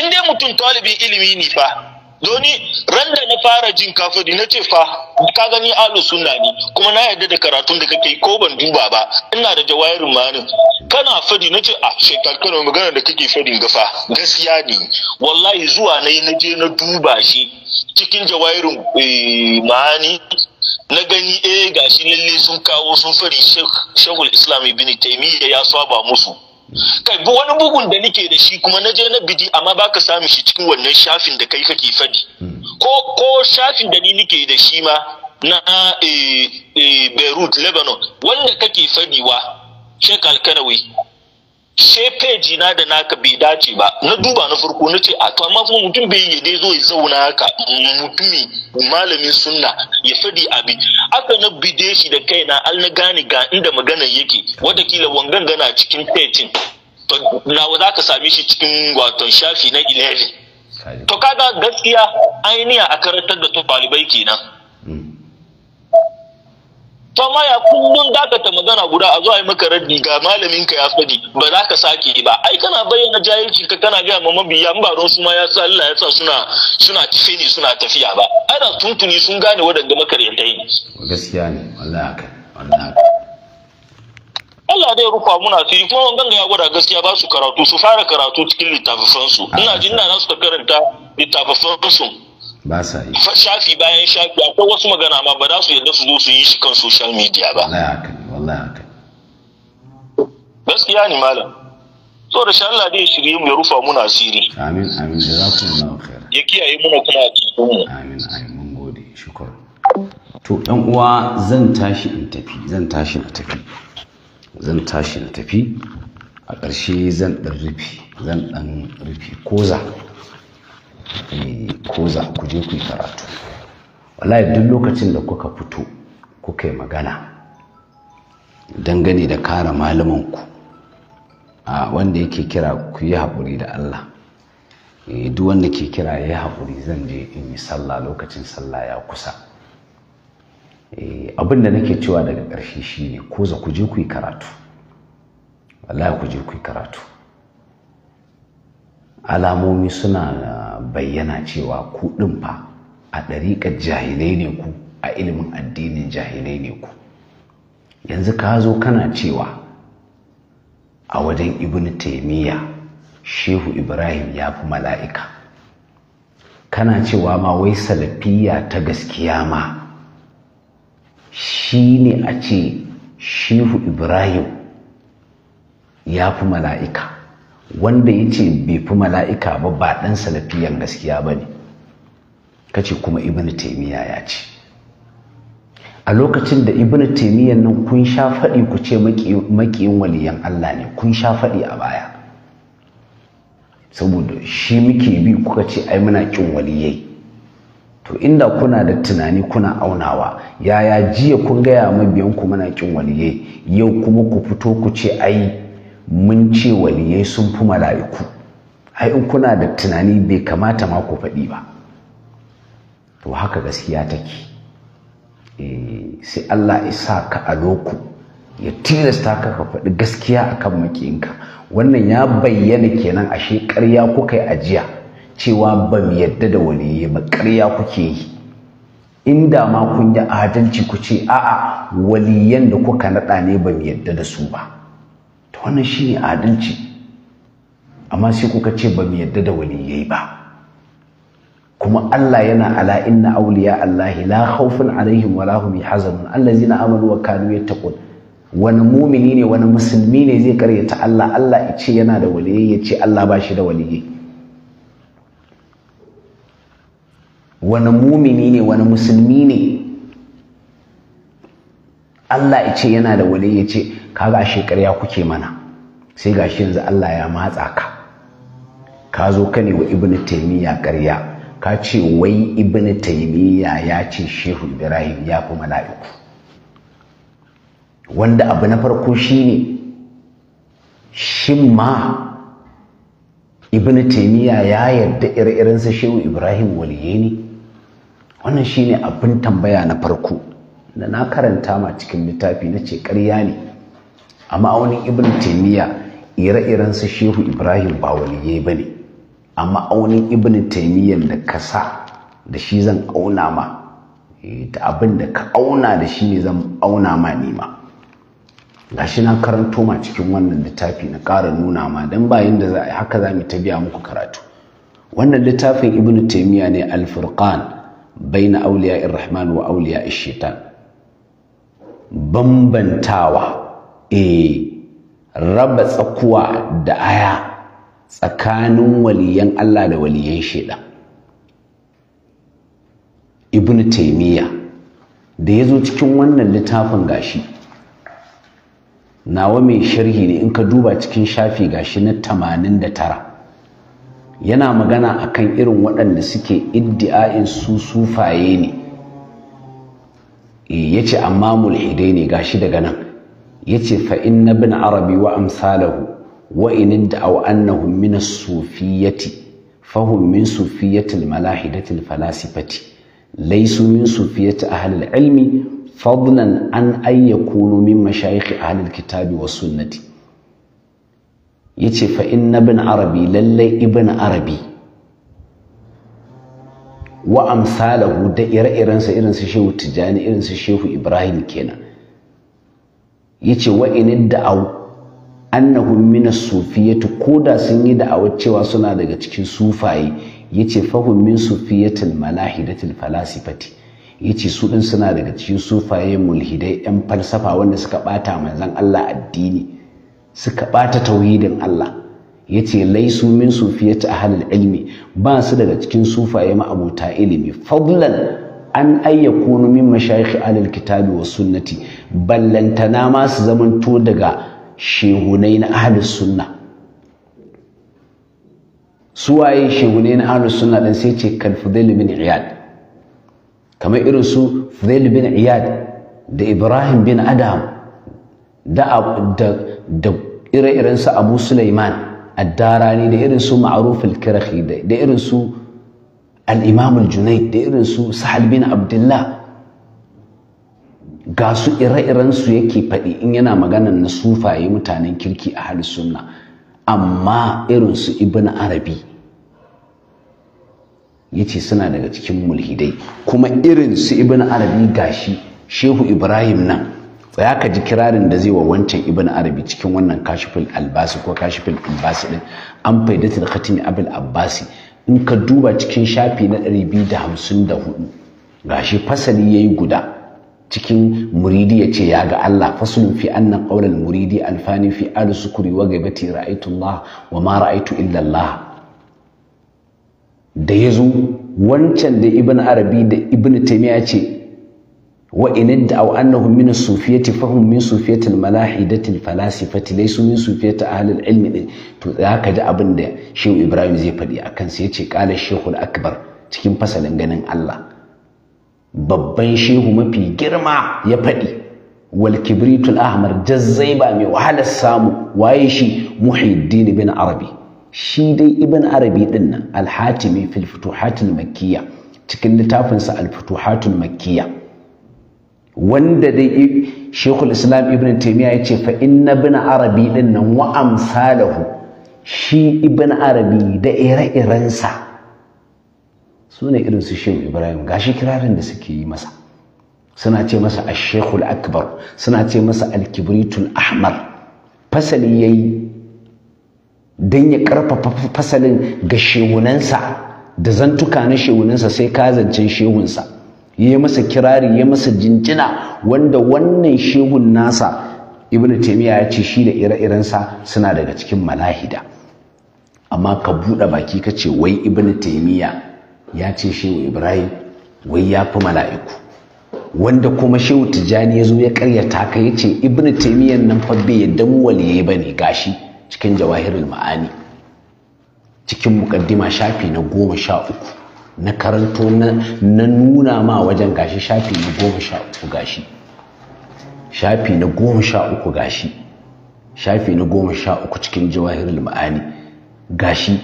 in dai mutum talibi ilimi ne fa doni ran da na fara jin kafiri na ce fa ka gani alu sunna ne kuma na yarda da karatun da kake ko ban duba ba ina da jawairin mani kana fadi na ce a ah, shekar kana magana da kake fadin gafa gaskiya ne wallahi zuwa na yi na je na duba shi cikin jawairin eh, ma'ani na gani eh gashi lalle sun kawo sun fari shekul islam ibn taimiyya ya saba musu kai bu wani bugun da nike da shi kuma na je na bidi amma baka samu shi cikin wannan shafin da kai kake fadi ko ko shafin da ni nike da shi ma na eh, eh, Beirut Lebanon wanda kake fadiwa Sheikh Alkanawi she peji na da naka bai dace ba na duba na farko na ce a to amma kuma mutum bai yi zo ya zauna haka mutumi malamin sunna ya fadi abi aka na bide shi da kai na na gane ga inda magana yake watakila wangan gana cikin 13 to za ka same shi cikin wato shafi na 11 to kaga gaskiya ainiya a karantar da to ɗalibai kenan hmm. ta maya kullum dakata magana guda a zuwa yi maka raddi ga malamin ka ya fadi ba za ka sake ba ai kana bayyana jahilci ka kana gaya ma mabiya ba don su ma ya sa Allah ya sa suna suna tafi suna tafiya ba ai da tuntuni sun gane wadanda makaryantai yi gaskiya ne wallahi haka wallahi Allah dai rufa muna fili kuma ganga ya gwada gaskiya ba su karatu su fara karatu cikin littafansu ina jin na suka karanta littafansu ba sa yi shafi bayan shafi akwai wasu magana ma ba za su yadda su zo su yi shi kan social media ba wallahi haka wallahi haka gaskiya ne malam so da sha Allah dai shirye mu ya rufa muna asiri amin amin da za ku na khair ya kiyaye mu kuma a cikin mu amin amin mun gode shukr to ɗan uwa zan tashi in tafi zan tashi na tafi zan tashi na tafi a ƙarshe zan ɗan rufe zan ɗan rufe koza koza ku je ku yi karatu wallahi duk lokacin da kuka fito kuka yi magana dangane da kare malamanku a wanda yake kira ku yi haƙuri da Allah eh, duk wanda ke kira ya yi haƙuri zan je in yi sallah lokacin sallah ya kusa eh, abin da nake cewa daga ƙarshe shine ko za ku je ku yi karatu wallahi ku je ku yi karatu alamomi suna bayyana cewa ku ɗin fa a ɗariƙar jahilai ne ku a ilimin addinin jahilai ne ku yanzu ka zo kana cewa a wajen ibn taimiyya shehu ibrahim ya fi mala'ika kana cewa ma wai salafiya ta gaskiya ma shi ne a ce shehu ibrahim ya fi mala'ika wanda ya ce bai fi mala'ika ba ba ɗan salafiyan gaskiya ba ne kace kuma ibn taimiyya ya ce a lokacin da ibn taimiyyan nan kun sha faɗi ku ce makiyin waliyan allah ne kun sha faɗi a baya saboda shi muke bi kuka ce ai muna ƙin waliyai to inda kuna da tunani kuna aunawa yaya jiya kun gaya mabiyanku muna ƙin waliyai yau kuma ku fito ku ce ai mun ce waliyai sun fi mala'iku ai in kuna da tunani bai kamata ma ku faɗi ba to haka gaskiya take eh, sai Allah isa ka a loku ya tilasta ka ka faɗi gaskiya a akan makinka wannan ya bayyana kenan ashe ƙarya kuka yi ajiya cewa ba mu yadda da waliyai ba ƙarya kuke yi inda ma kun yi adalci ku ce a'a waliyan da kuka naɗa ne ba mu yadda da su ba wannan ne adalci amma sai kuka ce ba mu yadda da waliyai ba kuma Allah yana ala inna awliya Allah la khawfun alaihim wa la hum yahzanun allazina amanu wa kanu yattaqun wani mumini ne wani musulmi ne zai karyata Allah Allah ya ce yana da waliyai ya ce Allah ba shi da waliyai wani mumini ne wani musulmi ne Allah ya ce yana da wali ya ce kaga ashe ƙarya kuke mana sai gashi yanzu Allah ya matsa ka ka zo ka ne wa ibnu taymiya ƙarya ka ce wai ibn taymiya ya ce shehu ibrahim ya fi mala'iku wanda abu na farko shine shin ma ibn taymiya ya yarda ire-irensa shehu ibrahim waliye ne wannan shine abin tambaya na farko da na karanta ma cikin littafi na ce karya ne a ma'aunin ibn taimiyya ire-iren su shehu ibrahim ba waliye ba ne a ma'aunin ibn taimiyyar da ka sa da shi zan auna ma ta eh, abin da ka auna da shi ne zan auna ma Ga shi na karanto ma cikin wannan littafi na ƙara nuna ma don bayan da za a haka za mu ta biya muku karatu wannan littafin ibn taimiyya ne alfurkan bai na auliya irrahman wa auliya shetan. bambantawa eh raba tsakuwa da aya tsakanin waliyan Allah da waliyan shaidan ibn taimiyya da ya zo cikin wannan littafin gashi nawa mai sharhi ne in ka duba cikin shafi gashi na tamanin da tara. yana magana akan irin waɗanda suke iddia'in su sufaye ne Eh, ya ce amma mulhidai ne ga shi daga nan ya ce fa'in na bin arabi wa amsalahu wa inin da au annahum min sufiyati fahimmin min sufiyatil malahidatil falasifati laisu min sufiyati ahlil ilmi fadlan an ayyakunu min mashayikh ahlil kitabi wa sunnati yace fa na bin arabi lallai ibn arabi wa amsalahu da ire-irensa irin su shehu tijani irin su shehu ibrahim kenan yace wa inin da'aw annahum min as-sufiyyati koda sun yi da'awar cewa suna daga cikin sufaye yace fahum min sufiyatil malahidatil falasifati yace su din suna daga cikin sufaye mulhidai yan falsafa wanda suka bata manzon Allah addini suka bata tauhidin Allah yace laisu min a ahlul ilmi ba su daga cikin sufaye ma'abuta ilimi fadlan an ayyakunu min mashayikh ahlul kitabi was sunnati ballantana ma su zamanto daga shehunai na ahlus sunna suwaye shehunai na ahlus sunna dan sai ce kal fudail bin iyad kamar irin su fudail bin iyad da ibrahim bin adam da da ire-irensu abu sulaiman addarani da irin su ma'ruf al-kirahi da irin su al-imam al da irin su abdullah ga su ire-iren su yake faɗi in yana maganar na sufaye mutanen kirki a halin sunna amma irin su ibn arabi yace suna daga cikin mulhidai kuma irin su ibn arabi gashi shehu ibrahim nan tsaya ka ji kirarin da zai wa wancan ibn arabi cikin wannan kashifin albasi ko kashifin albasi din an ta khatimi abul abbasi in ka duba cikin shafi na 254 gashi fasali yayi guda cikin muridi ya ce ya ga Allah fasulun fi annan qaulal muridi alfani fi al sukuri wa gabati ra'aytu Allah wa ma ra'aytu illa Allah da yazo wancan da ibn arabi da ibn taymiya ce wa inna da aw annahum min as-sufiyati fa hum min sufiyati al-malahidati al-falasifati laysu min sufiyati ahli al-ilmi to haka ji abin da shehu Ibrahim zai fadi akan sai yace qala Sheikh al-Akbar cikin fasalin ganin Allah babban shehu mafi girma ya faɗi. wal kibritu jazzaiba mai wahalar samu waye shi Muhyiddin bin Arabi shi dai ibn Arabi din nan al-Hatimi fil Futuhat al cikin littafinsa sa al-Futuhat al wanda dai shekul islam ibn taimiyya ya ce fa inna bin arabi din nan wa'am amsalahu shi ibn arabi da ire-irensa su ne irin su shehu ibrahim gashi kirarin da suke yi masa suna ce masa a shekul akbar suna ce masa alkibritul ahmar fasali ya yi don ya karfafa fasalin ga shehunansa da zantuka na shehunansa sai ka zancen shehunsa ya masa kirari ya masa jinjina wanda wannan shehun nasa ibn taymiya ya ce shi da ire-irensa suna daga cikin malahida amma ka buɗe baki ka ce wai ibn taymiya ya ce shehu ibrahim wai ya fi mala'iku wanda kuma shehu tijjani ya zo ya karyata ka ya ce ibn taymiyan nan fa bai yadda mu waliyai ba ne gashi cikin jawahirul ma'ani cikin muƙaddima shafi na goma sha uku na karanto na nuna ma wajen gashi shafi na goma sha uku gashi shafi na goma sha uku gashi shafi na goma sha uku cikin jawahirul ma'ani gashi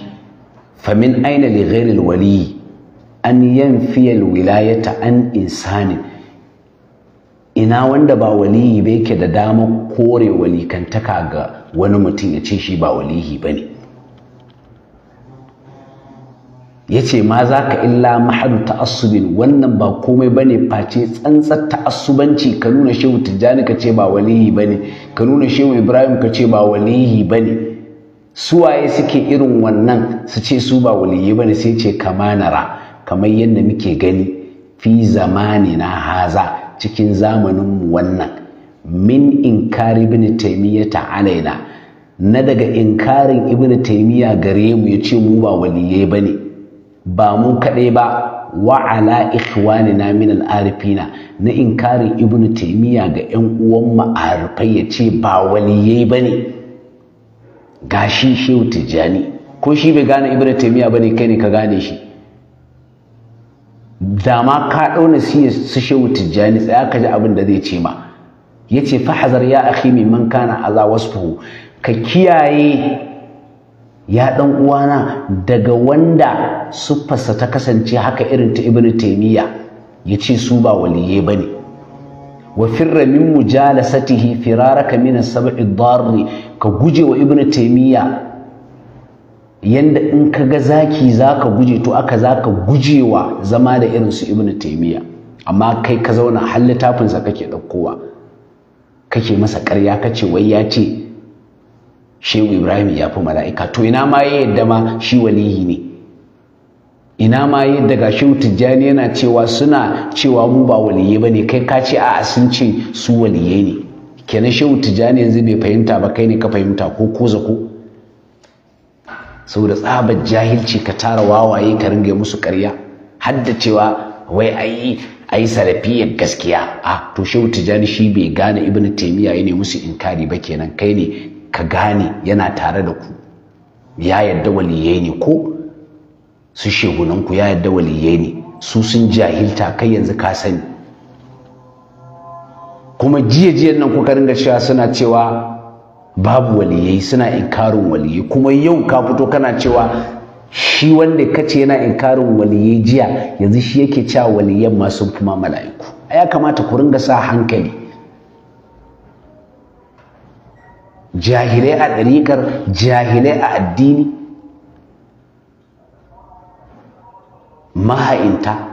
famin aina li ghairil waliyi an yanfiya wilayata an insani ina wanda ba waliyi ba yake da damar kore walikantaka ga wani mutum ya ce shi ba waliyi ba ne yace ma ka illa mahadu ta'assubin wannan ba komai bane face tsantsar ta'assubanci ka nuna shehu tijjani ka ce ba walihi bane ka nuna shehu ibrahim ka ce ba walihi bane suwaye suke irin wannan su ce su ba waliyi bane sai ce kamanara kamar yadda muke gani fi zamani na haza cikin zamaninmu wannan min inkari ibn ta alaina na daga inkarin ibn taimiyya gare mu ya ce mu ba waliyai bane ba mu kaɗai ba wa ala na min al-arifina na inkarin ibnu taymiya ga yan uwan ma'arifai ce ba waliyai bane gashi shehu Tijjani, ko shi bai gane ibnu taymiya bane kai ne ka gane shi Da ma ka ɗauna siya su shehu tijjani tsaya ka ji abin da zai ce ma ya ce fahazar ya akhi min man kana ala wasfuhu ka kiyaye ya ɗan uwana daga wanda fasa ta kasance haka irin ta ibn taimiyya yace su ba waliye bane ne wa firra min mujalasatihi firaraka min as-sab'i darr ka guje wa ibn taimiyya yanda in kaga ga zaki zaka guje to aka zaka gujewa zama da irin su ibn taimiyya amma kai ka zauna har littafinsa kake wa? kake masa ƙarya kace wai ya ce shehu ibrahim ya fi mala'ika to ina ma ya yadda ma shi walihi ne ina ma ya yadda ga shehu tijjani yana cewa suna cewa mu ba waliyye ba ne kai ka a sun ce su waliyai ne kenan shehu tijjani yanzu bai fahimta ba kai ne ka fahimta ko ko zako saboda tsabar jahilci ka tara wawaye ka ringa musu karya har da cewa wai ayi ayi sarafiyar gaskiya a ah, to shehu tijjani shi bai gane ibnu taymiya ya ne musu inkari ba kenan kai ne ka gane yana tare da ku ya yadda waliyai ne ko su shegunanku ya yadda waliyai ne su sun jahilta kai yanzu ka sani kuma jiya jiyan nan kuka ringa cewa suna cewa babu waliyai suna inkarin waliyai kuma yau ka fito kana cewa shi wanda ka ce yana inkarin waliyai jiya yanzu shi yake cewa waliyan ma sun fi ma mala'iku ya kamata ku ringa sa hankali jahilai a ɗariƙar jahilai a addini maha'inta